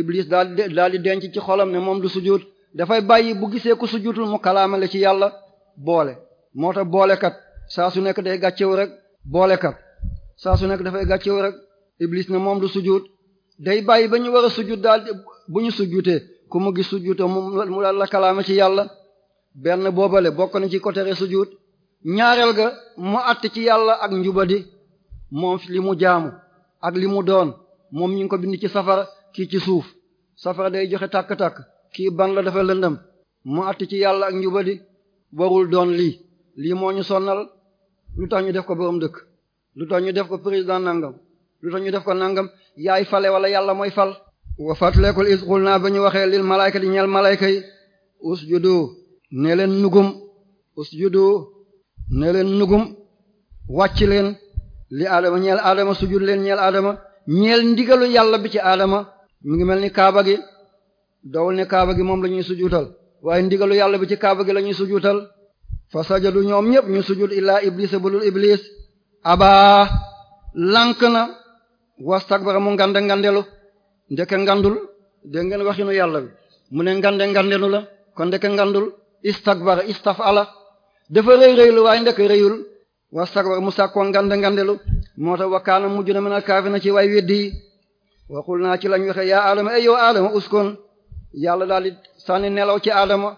iblis daal di daal di denc ci xolam ne moom du sujud dafay bàyyi bu gisee ku sujudul mu kalaamale ci yàlla boole moo tax boole kat saa su nekk day gàccew rek boole boolekat saa su nekk dafay gàccew rek iblis ne moom du sujud day bàyyi ba ñu war a sujud daal bu ñu sujutee ku mu gis sujutee mu mu daal la kalaame ci yàlla benn boobale bokk na ci côté sujud ñaareel ga mu àtt ci yàlla ak njubadi moom li mu jaamu ak li mu doon moom ñu ngi ko bind ci safara kii ci suuf safara day joxe tàkk-tàkk kii ban la dafa lëndëm mu atti ci yàlla ak njubadi warul doon lii lii moo ñu sonnal lu tax ñu def ko borom dëkk lu tax ñu def ko président nangam lu tax ñu def ko nangam yaay fale wala yàlla mooy fal wa fatleekul isxul naa ba ñu waxee lil malayka di ñeel malayka yi usjudu ne leen nugum usjudu ne leen nugum wàcc leen li aadama ñeel aadama sujud leen ñeel aadama ñeel ndigalu yàlla bi ci aadama mu ngi mel ni kaaba gi dowul ne kaaba gi moom la ñuy sujuutal waaye ndigalu yàlla bi ci kaaba gi la ñuy sujuutal fa sajadu ñoom ñëpp ñu sujud illaa iblis bulul iblis abaa lànk na wastakbara mu ngande ngandelu ndeke ngandul dégg ngeen waxinu yàlla bi mu ne ngande ngandelu la kon ndeke ngandul istakbara istafala dafa rëy rëylu waaye ndeke rëyul wastagoor mu sàkkoo ngand ngandelu moo tax wakkaana mujj na mën a kaafi na ci way weddi yi waxul naa ci lañ waxe yaa adama ay yow adama uskon yàlla daal di sànni nelaw ci adama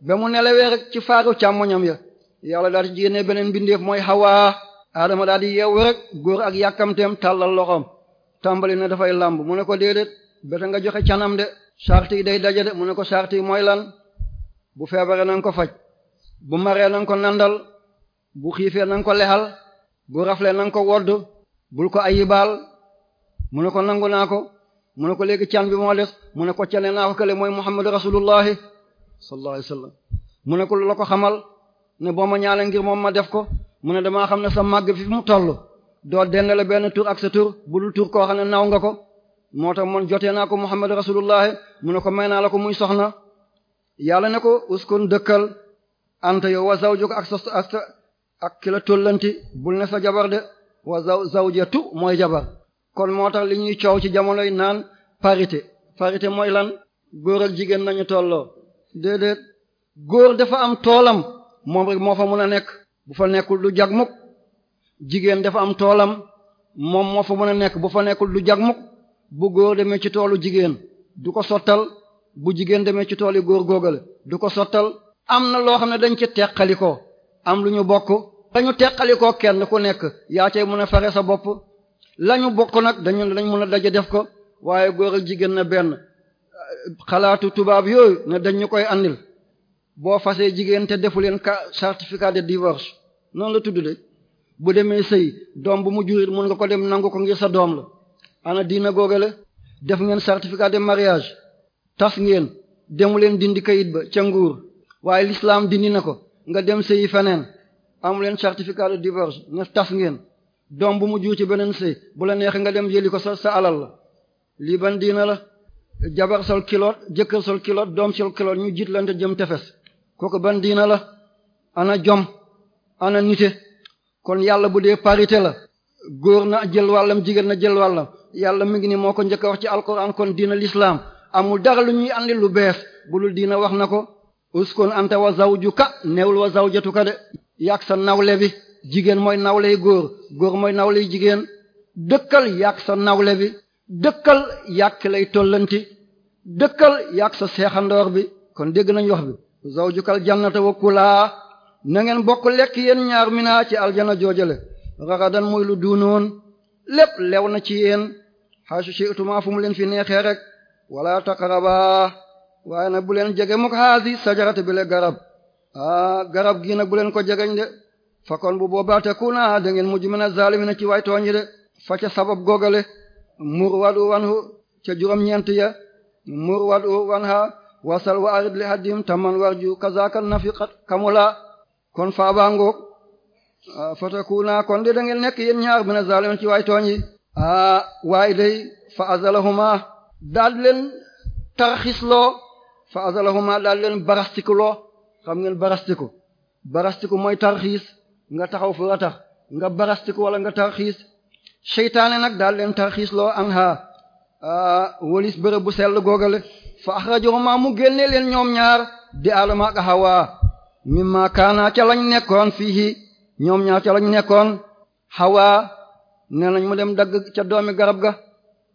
ba mu nelawee rek ci faaru càmmoñam ya yàlla daal di génne beneen bindeef mooy xawaa adama daal di yeewu rek góor ak yàkkamteem tàllal loxoom tàmbali na dafay làmb mu ne ko déedéet bete nga joxe canam de sarti yi day daje de mu ne ko sarti yi mooy lan bu feebare na nga ko faj bu xiifee na ko lexal bu raflee na nga ko wodd bul ko ayibaal mu ne ko nangu naa ko mu ne ko léegi can bi moo des mu ne ko cane naa ko kële mooy muhammadu rasulullahi sallallahu alayhi wasallam mu ne ko la ko xamal ne boo ma ñaale ngir moom ma def ko mu ne damaa xam ne sa màgg fi mu toll doo dendale benn tur ak sa tur budul tur koo xam ne naw nga ko moo tax man jotee naa ko muhammadu rasulullahi mu ne ko may naa la ko muy soxna yàlla ne ko uskun dëkkal anta yow wa zawjuk ak sa ak ki la tollanti bul ne sa jabar de wa zaw zawjatu mooy jabar kon moo tax li ñuy coow ci jamonoy naan parité parité mooy lan góor jigéen nañu tolloo déedéet góor dafa am toolam moom moo fa mën a nekk bu fa nekkul du jag mukk jigéen dafa am toolam moom moo fa mën a nekk bu fa nekkul du jag bu góor demee ci toolu jigéen du ko sottal bu jigéen demee ci tool yi góor góogale du ko sottal am na loo xam ne dañ ci teqali ko am lu ñu bokk dañu teqalikoo kenn ku nekk yaa cay mën a fare sa bopp lañu bokk nag dañu dañ mën a daje def ko waaye góor jigéen na benn xalaatu tubaab yooyu ne dañ ñu koy andil boo fasee jigéen te defu leen ka certificat de divorce noonu la tudd de bu demee sëy doom bu mu jurit mën nga ko dem nangu ko ngir sa doom la ana diina góogale def ngeen certificat de mariage tas ngeen demu leen dindi kayit ba ca nguur waaye lislaam dindi na ko nga dem sëyi feneen amu leen certificat de divorce ne ngeen doom bu mu jur ci beneen sëy bu la neex nga dem jëli ko sa sa alal la lii ban diina la jabar sol kiloot jëkkër sol kiloot doom sol kiloot ñu jiit lante jëm tefes kooku ban diina la ana jom ana nite kon yàlla bu dee parité la góor na jël wàllam jigéen na jël wàllam yàlla mi ngi ni moo njëkk a wax ci alquran kon diina l'islam amul dara lu ñuy andi lu bees bu dul diina wax na ko uskun anta wa zawjuka neewul wa zawjatuka de yàq sa nawle bi jigéen mooy nawle yi góor góor mooy nawle yi jigéen dëkkal yàq sa nawle bi dëkkal yàq lay tollanti dëkkal yàq sa seexandoor bi kon dégg nañ wax bi zawjukal jannata wa kulaa na ngeen bokk lekk yéen ñaar minaa ci aljana joojale ragadan muy lu duunoon lépp lew na ci yéen xaasu ci ituma fu mu leen fi neexee rek wala taqraba waaye na bu leen jege muk haasi sajarata bi le garab ah garab gii nag bu leen ko jegeñ de fa kon bu boobaa te ku naa da ngeen mujj mina zaalimiina ci waay tooñ de fa ca sabab googale murwadu wanhu ca juróom-ñeent ya murwadu wanha wasal wa arid li haddim taman warju kazaka nafiqat kamula kon faabaa ngoog ah, fa te ku kon de da ngeen nekk yéen ñaar mina zaalimiina ci waay tooñ yi ah waaye day fa azalahuma daal leen tarxisloo fa azalahuma daal leen barastikloo xam ngeen barastiku barastiku mooy tarxiis nga taxaw fu la tax nga barastiku wala nga tarxiis seytaane nag daal leen tarxiis loo anha ah, walis bërëb bu sell googale fa axrajuhuma mu génne leen ñoom ñaar di Adama ak Hawa mimma kaana ca lañ nekkoon fii fiihi ñoom ñaar ca lañ nekkoon Hawa nee nañ mu dem dagg ca doomi garab ga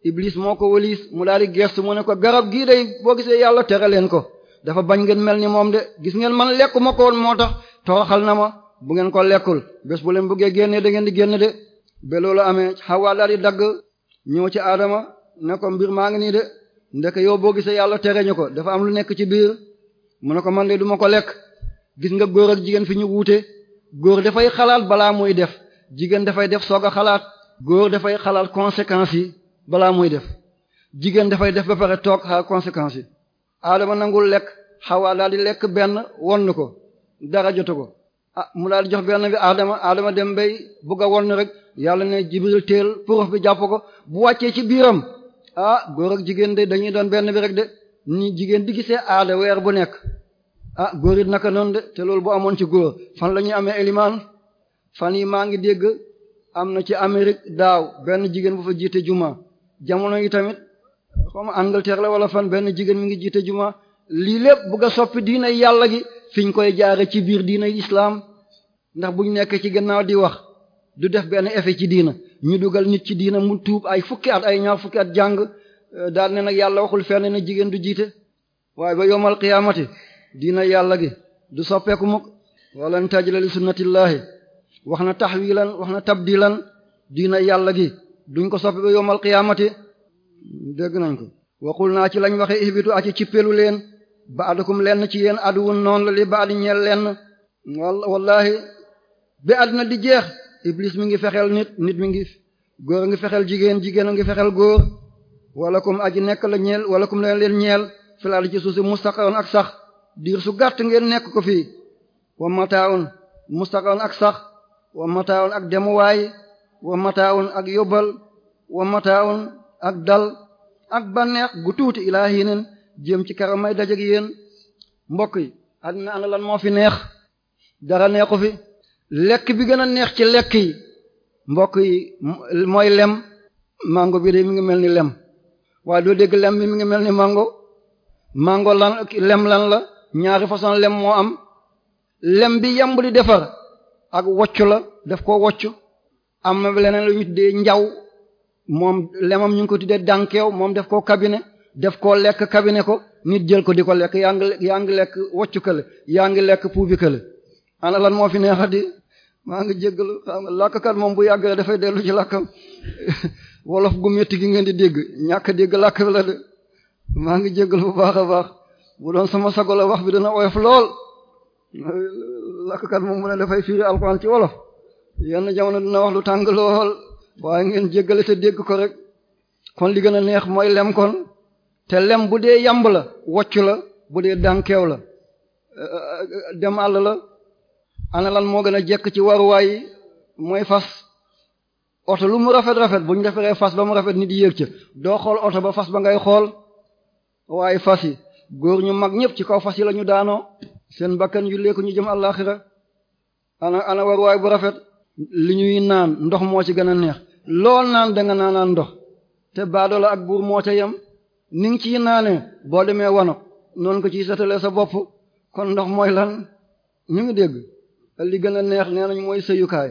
Iblis moo ko walis mu daali di gestu mu ne ko garab gii day boo gisee yàlla tere leen ko dafa bañ ngeen mel ni moom de gis ngeen man lekkuma ma moo tax toroxal na ma bu ngeen ko lekkul bés bu leen bëggee génnee da ngeen di génn de ba loolu amee Hawa daal di dagg ñëw ci aadama ne ko mbir maa ngi nii de ndeke yow boo gisee yàlla tere ñu ko dafa am lu nekk ci biir mu ne ko man de du ma ko lekk gis nga góor ak jigéen fi ñu wuute góor dafay xalaat balaa muy def jigéen dafay def soog a xalaat góor dafay xalaat conséquences yi balaa muy def jigéen dafay def ba pare toog xaar conséquences yi. aadama nangul lekk xawaa daal di lekk benn wonn ko dara jotu ko ah mu daal di jox benn bi aadama aadama dem bay bugg a wonn rek yàlla ne jibril teel purux bi jàpp ko bu wàccee ci biiram ah góor ak jigéen de dañuy doon benn bi rek de ni jigéen di gisee aada weer bu nekk ah góor it naka noon de te loolu bu amoon ci góor fan la amee élimaan fan yi maa ngi dégg am na ci Amérique daaw benn jigéen bu fa jiite juma jamono yi tamit xawma Angleterre la wala fan benn jigéen mi ngi jiite juma lii lépp bëgg a soppi diina yàlla gi fiñ koy jaare ci biir diina islaam ndax bu buñ nekk ci gannaaw di wax du def benn effet ci diina ñu dugal nit ci diina mu tuub ay fukki at ay ñaar fukki at jàng euh, daal ne nag yàlla waxul fenn jigéen du jiite waaye ba yomal qiyaamati diina yàlla gi du soppeeku mukk wala tajla li sunnatillahi wax na taxwilan wax na tabdilan diina yàlla gi duñ ko soppi dégg nañ ko waxul naa ci lañ waxe ihbitu aci cippelu leen ba'dukum lenn ci yéen aduwun noonu la li ba'di ñeel lenn wallahi bi àddina di jeex iblis mi ngi fexeel nit nit mi ngi góor a ngi fexeel jigéen jigéen a ngi fexeel góor wala kum aji nekk la ñeel wala kum leen leen ñeel filaal ci suuf si mustaqarun ak sax diir su gàtt ngeen nekk ko fii wa mataun mustaqarun ak sax wa mataun ak demuwaay wa mataun ak yóbbal wa mataun ak dal ak banneex gu tuuti ilaa hiinin jéem ci karam may dajeg yéen mbokk yi àddina ana lan moo fi neex dara neexu fi lekk bi gën a neex ci lekk yi mbokk yi mooy lem mango bi de mi ngi mel ni lem waaye doo dégg lem bi mi ngi mel ni mango màngo lan lem lan la ñaari façon lem moo am lem bi yamb di defar ak wocc la def ko wocc am na leneen lu ñu dee njaw moom lemam ñu ngi ko tuddee dankeew moom def koo cabinet def koo lekk cabinet ko nit jël ko di ko lekk yaa ngi yaa ngi lekk woccu kële yaa ngi lekk puubi kële ana lan moo fi neexati maa ngi jéggalu xam moom bu yàgg dafay dellu ci làkkam wolof gu métti gi ngeen di dégg ñàkk dégg làkk la maa ngi jéggalu bu baax a baax bu doon sama wax bi dana oyof lool làkkat moom mu ne dafay firi alxuraan ci wolof yenn jamono dina wax lu tàng lool waaye ngeen jéggale te dégg ko rek kon li gën a neex mooy lem kon te lem bu dee yamb la wocc la bu dee dànkeew la dem àll la ana lan moo gën a jekk ci waruwaay mooy fas oto lu mu rafet rafet bu ñu defaree fas ba mu rafet nit yéeg ca doo xool oto ba fas ba ngay xool waaye fas yi góor ñu mag ñëpp ci kaw fas yi lañu daanoo seen bakkan yu leeku ñu jëm àllaaxira ana ana waruwaay bu rafet li ñuy naan ndox moo ci gën a neex lool naan da nga naanaan ndox te baadoola ak buur moo ca yem ni nga ciy naanee boo demee wanok noonu ko ciy setalee sa bopp kon ndox mooy lan ñu ngi dégg li gën a neex nee nañ mooy sëyukaay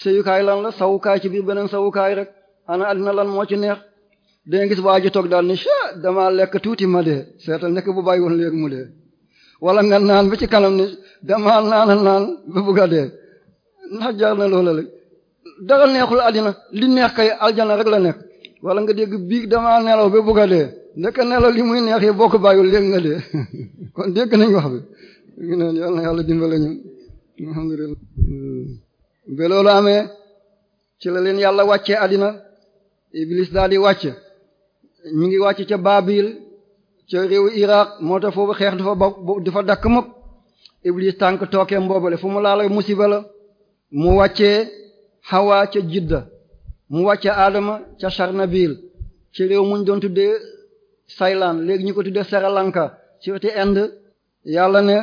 sëyukaay lan la sawukaay ci biir beneen sawukaay rek ana àddina lan moo ci neex danga gis waa ji toog daal ni sha damaa lekk tuuti ma dee seetal nekk bu bàyyi woon léegi mu dee wala nga naan ba ci kanam ni damaa naan naan ba bugg a dee ndax na loola la dara neexul àddina li neex kay aljana rek la nekk wala nga dégg biig damaa nelaw ba bëgg a dee ndekk nelaw li muy neex yi boo ko bàyyul léegi nga dee kon dégg nañ wax bi ngi naan yàlla na yàlla dimbale ñu alhamdulillah hmm. ba loolu amee ci la leen yàlla wàccee àddina iblis daal di wàcce ñu ngi wàcc ca Babil ca réew Irak moo tax foofu xeex dafa ba dafa dakk mukk iblis tànk tookee mboobale fu mu laal musiba la mu wàccee Hawa ca Jidda mu wàcce aadama ca Charnabil ci réew muñ doon tuddee Saylan léegi ñu ko tuddee Sri Lanka ci wetu Inde yàlla ne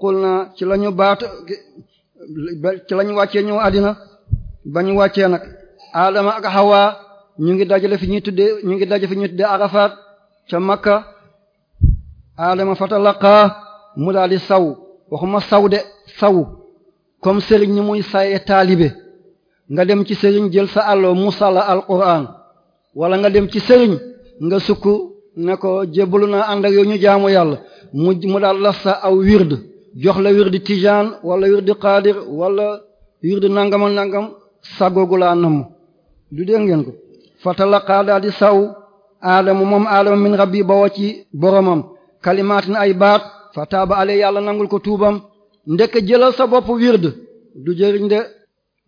xul na ci la ñu baat ci la ñu wàccee ñëw àddina ba ñu wàccee nag aadama ak Hawa ñu ngi dajale fi ñu tuddee ñu ngi dajale fi ñuy tuddee Arafat ca Makka Adama fatalaqa mu daal di saw waxuma saw de saw comme Serigne ni muy saye taalibe nga dem ci sëriñ jël sa àlloo musala alquran wala nga dem ci sëriñ nga sukk ne ko jébbalu na ànd ak ñu jaamu yàlla mu mu daal las sa aw wird jox la wird tijaan wala wird qaadir wala wird nangama nangam sagoogu laa namm du dégg ngeen ko fatalaqaa daal di saw aadama moom aadama min rabbi bawoo ci boromam kalimaatin ay baat fataaba ale yàlla nangul ko tuubam ndekk jëlal sa bopp wird du jëriñ de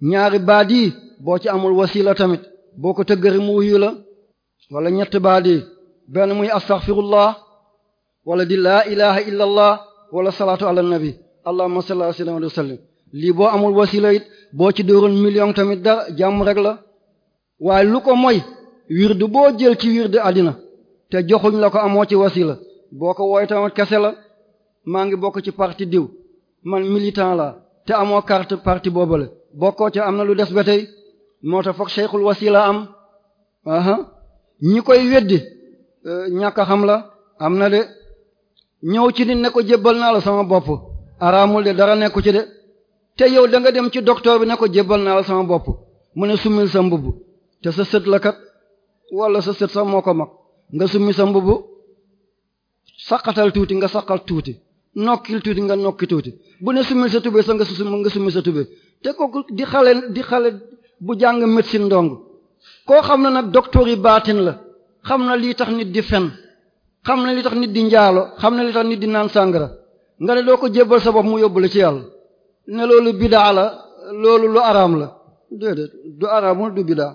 ñaari baat yi boo ci amul wasila tamit boo ko tëggëri mu wuyu la wala ñetti baat yi benn muy astaghfirullah wala di laa ilaha illa allah wala salaatu ala nabi allahumma salli ala sayyidina wa sallim lii boo amul wasila it boo ci dóoroon million tamit dara jàmm rek la waaye lu ko moy wirdu boo jël ci wirdu àddina te joxuñ la ko amoo ci wasila boo ko wooy tamit kese la maa ngi bokk ci parti diw man militant la te amoo carte parti boobale bokkoo ca am na lu des ba tey moo tax foog cheikhul wasila am aha ñi koy weddi euh, ñàkk a xam la am na de ñëw ci nit ne ko jébbal naa la sama bopp araamul de dara nekku ci de te yow da nga dem ci docteur bi ne ko jébbal naa la sama bopp mu ne summil sa mbubb te sa sët la kat wala sa sët sax moo ko mag nga summi sa mbubb saqatal tuuti nga saqal tuuti nokkil tuuti nga nokki tuuti bu ne summil sa tubé sa nga summi sa tubé te kooku di xale di xale bu jàng médecine dong koo xam ne nag docteur yi baatin la xam na lii tax nit di fen xam na li tax nit di njaalo xam na li tax nit di naan sàngara nga ne doo ko jébbal sa bopp mu yóbbu la ci yàlla ne loolu bidaa la loolu lu araam la déedéet du araamul du bidaa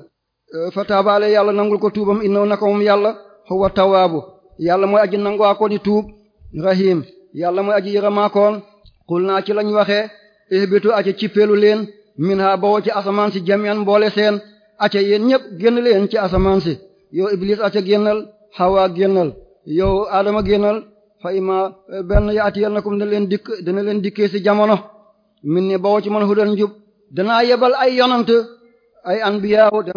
euh, fa taabaale yàlla nangul ko tuubam innaw na ko moom yàlla huwa tawaabu yàlla mooy aji nanguwaa koon i tuub rahim yàlla mooy aji yërëmaa koon xul naa ci lañ waxee ihbitu aca cippeelu leen min ha bawoo ci asamaan si jamian mboole seen aca yéen ñëpp génn leen ci asamaan si yow iblis aca génnal hawa génnal yow adama génnal fa ima eh, benn yen na kum na leen dikk dana leen dikkee si jamono min ni bawoo ci man hudan njub danaa yebal ay yonant ay anbiyaaw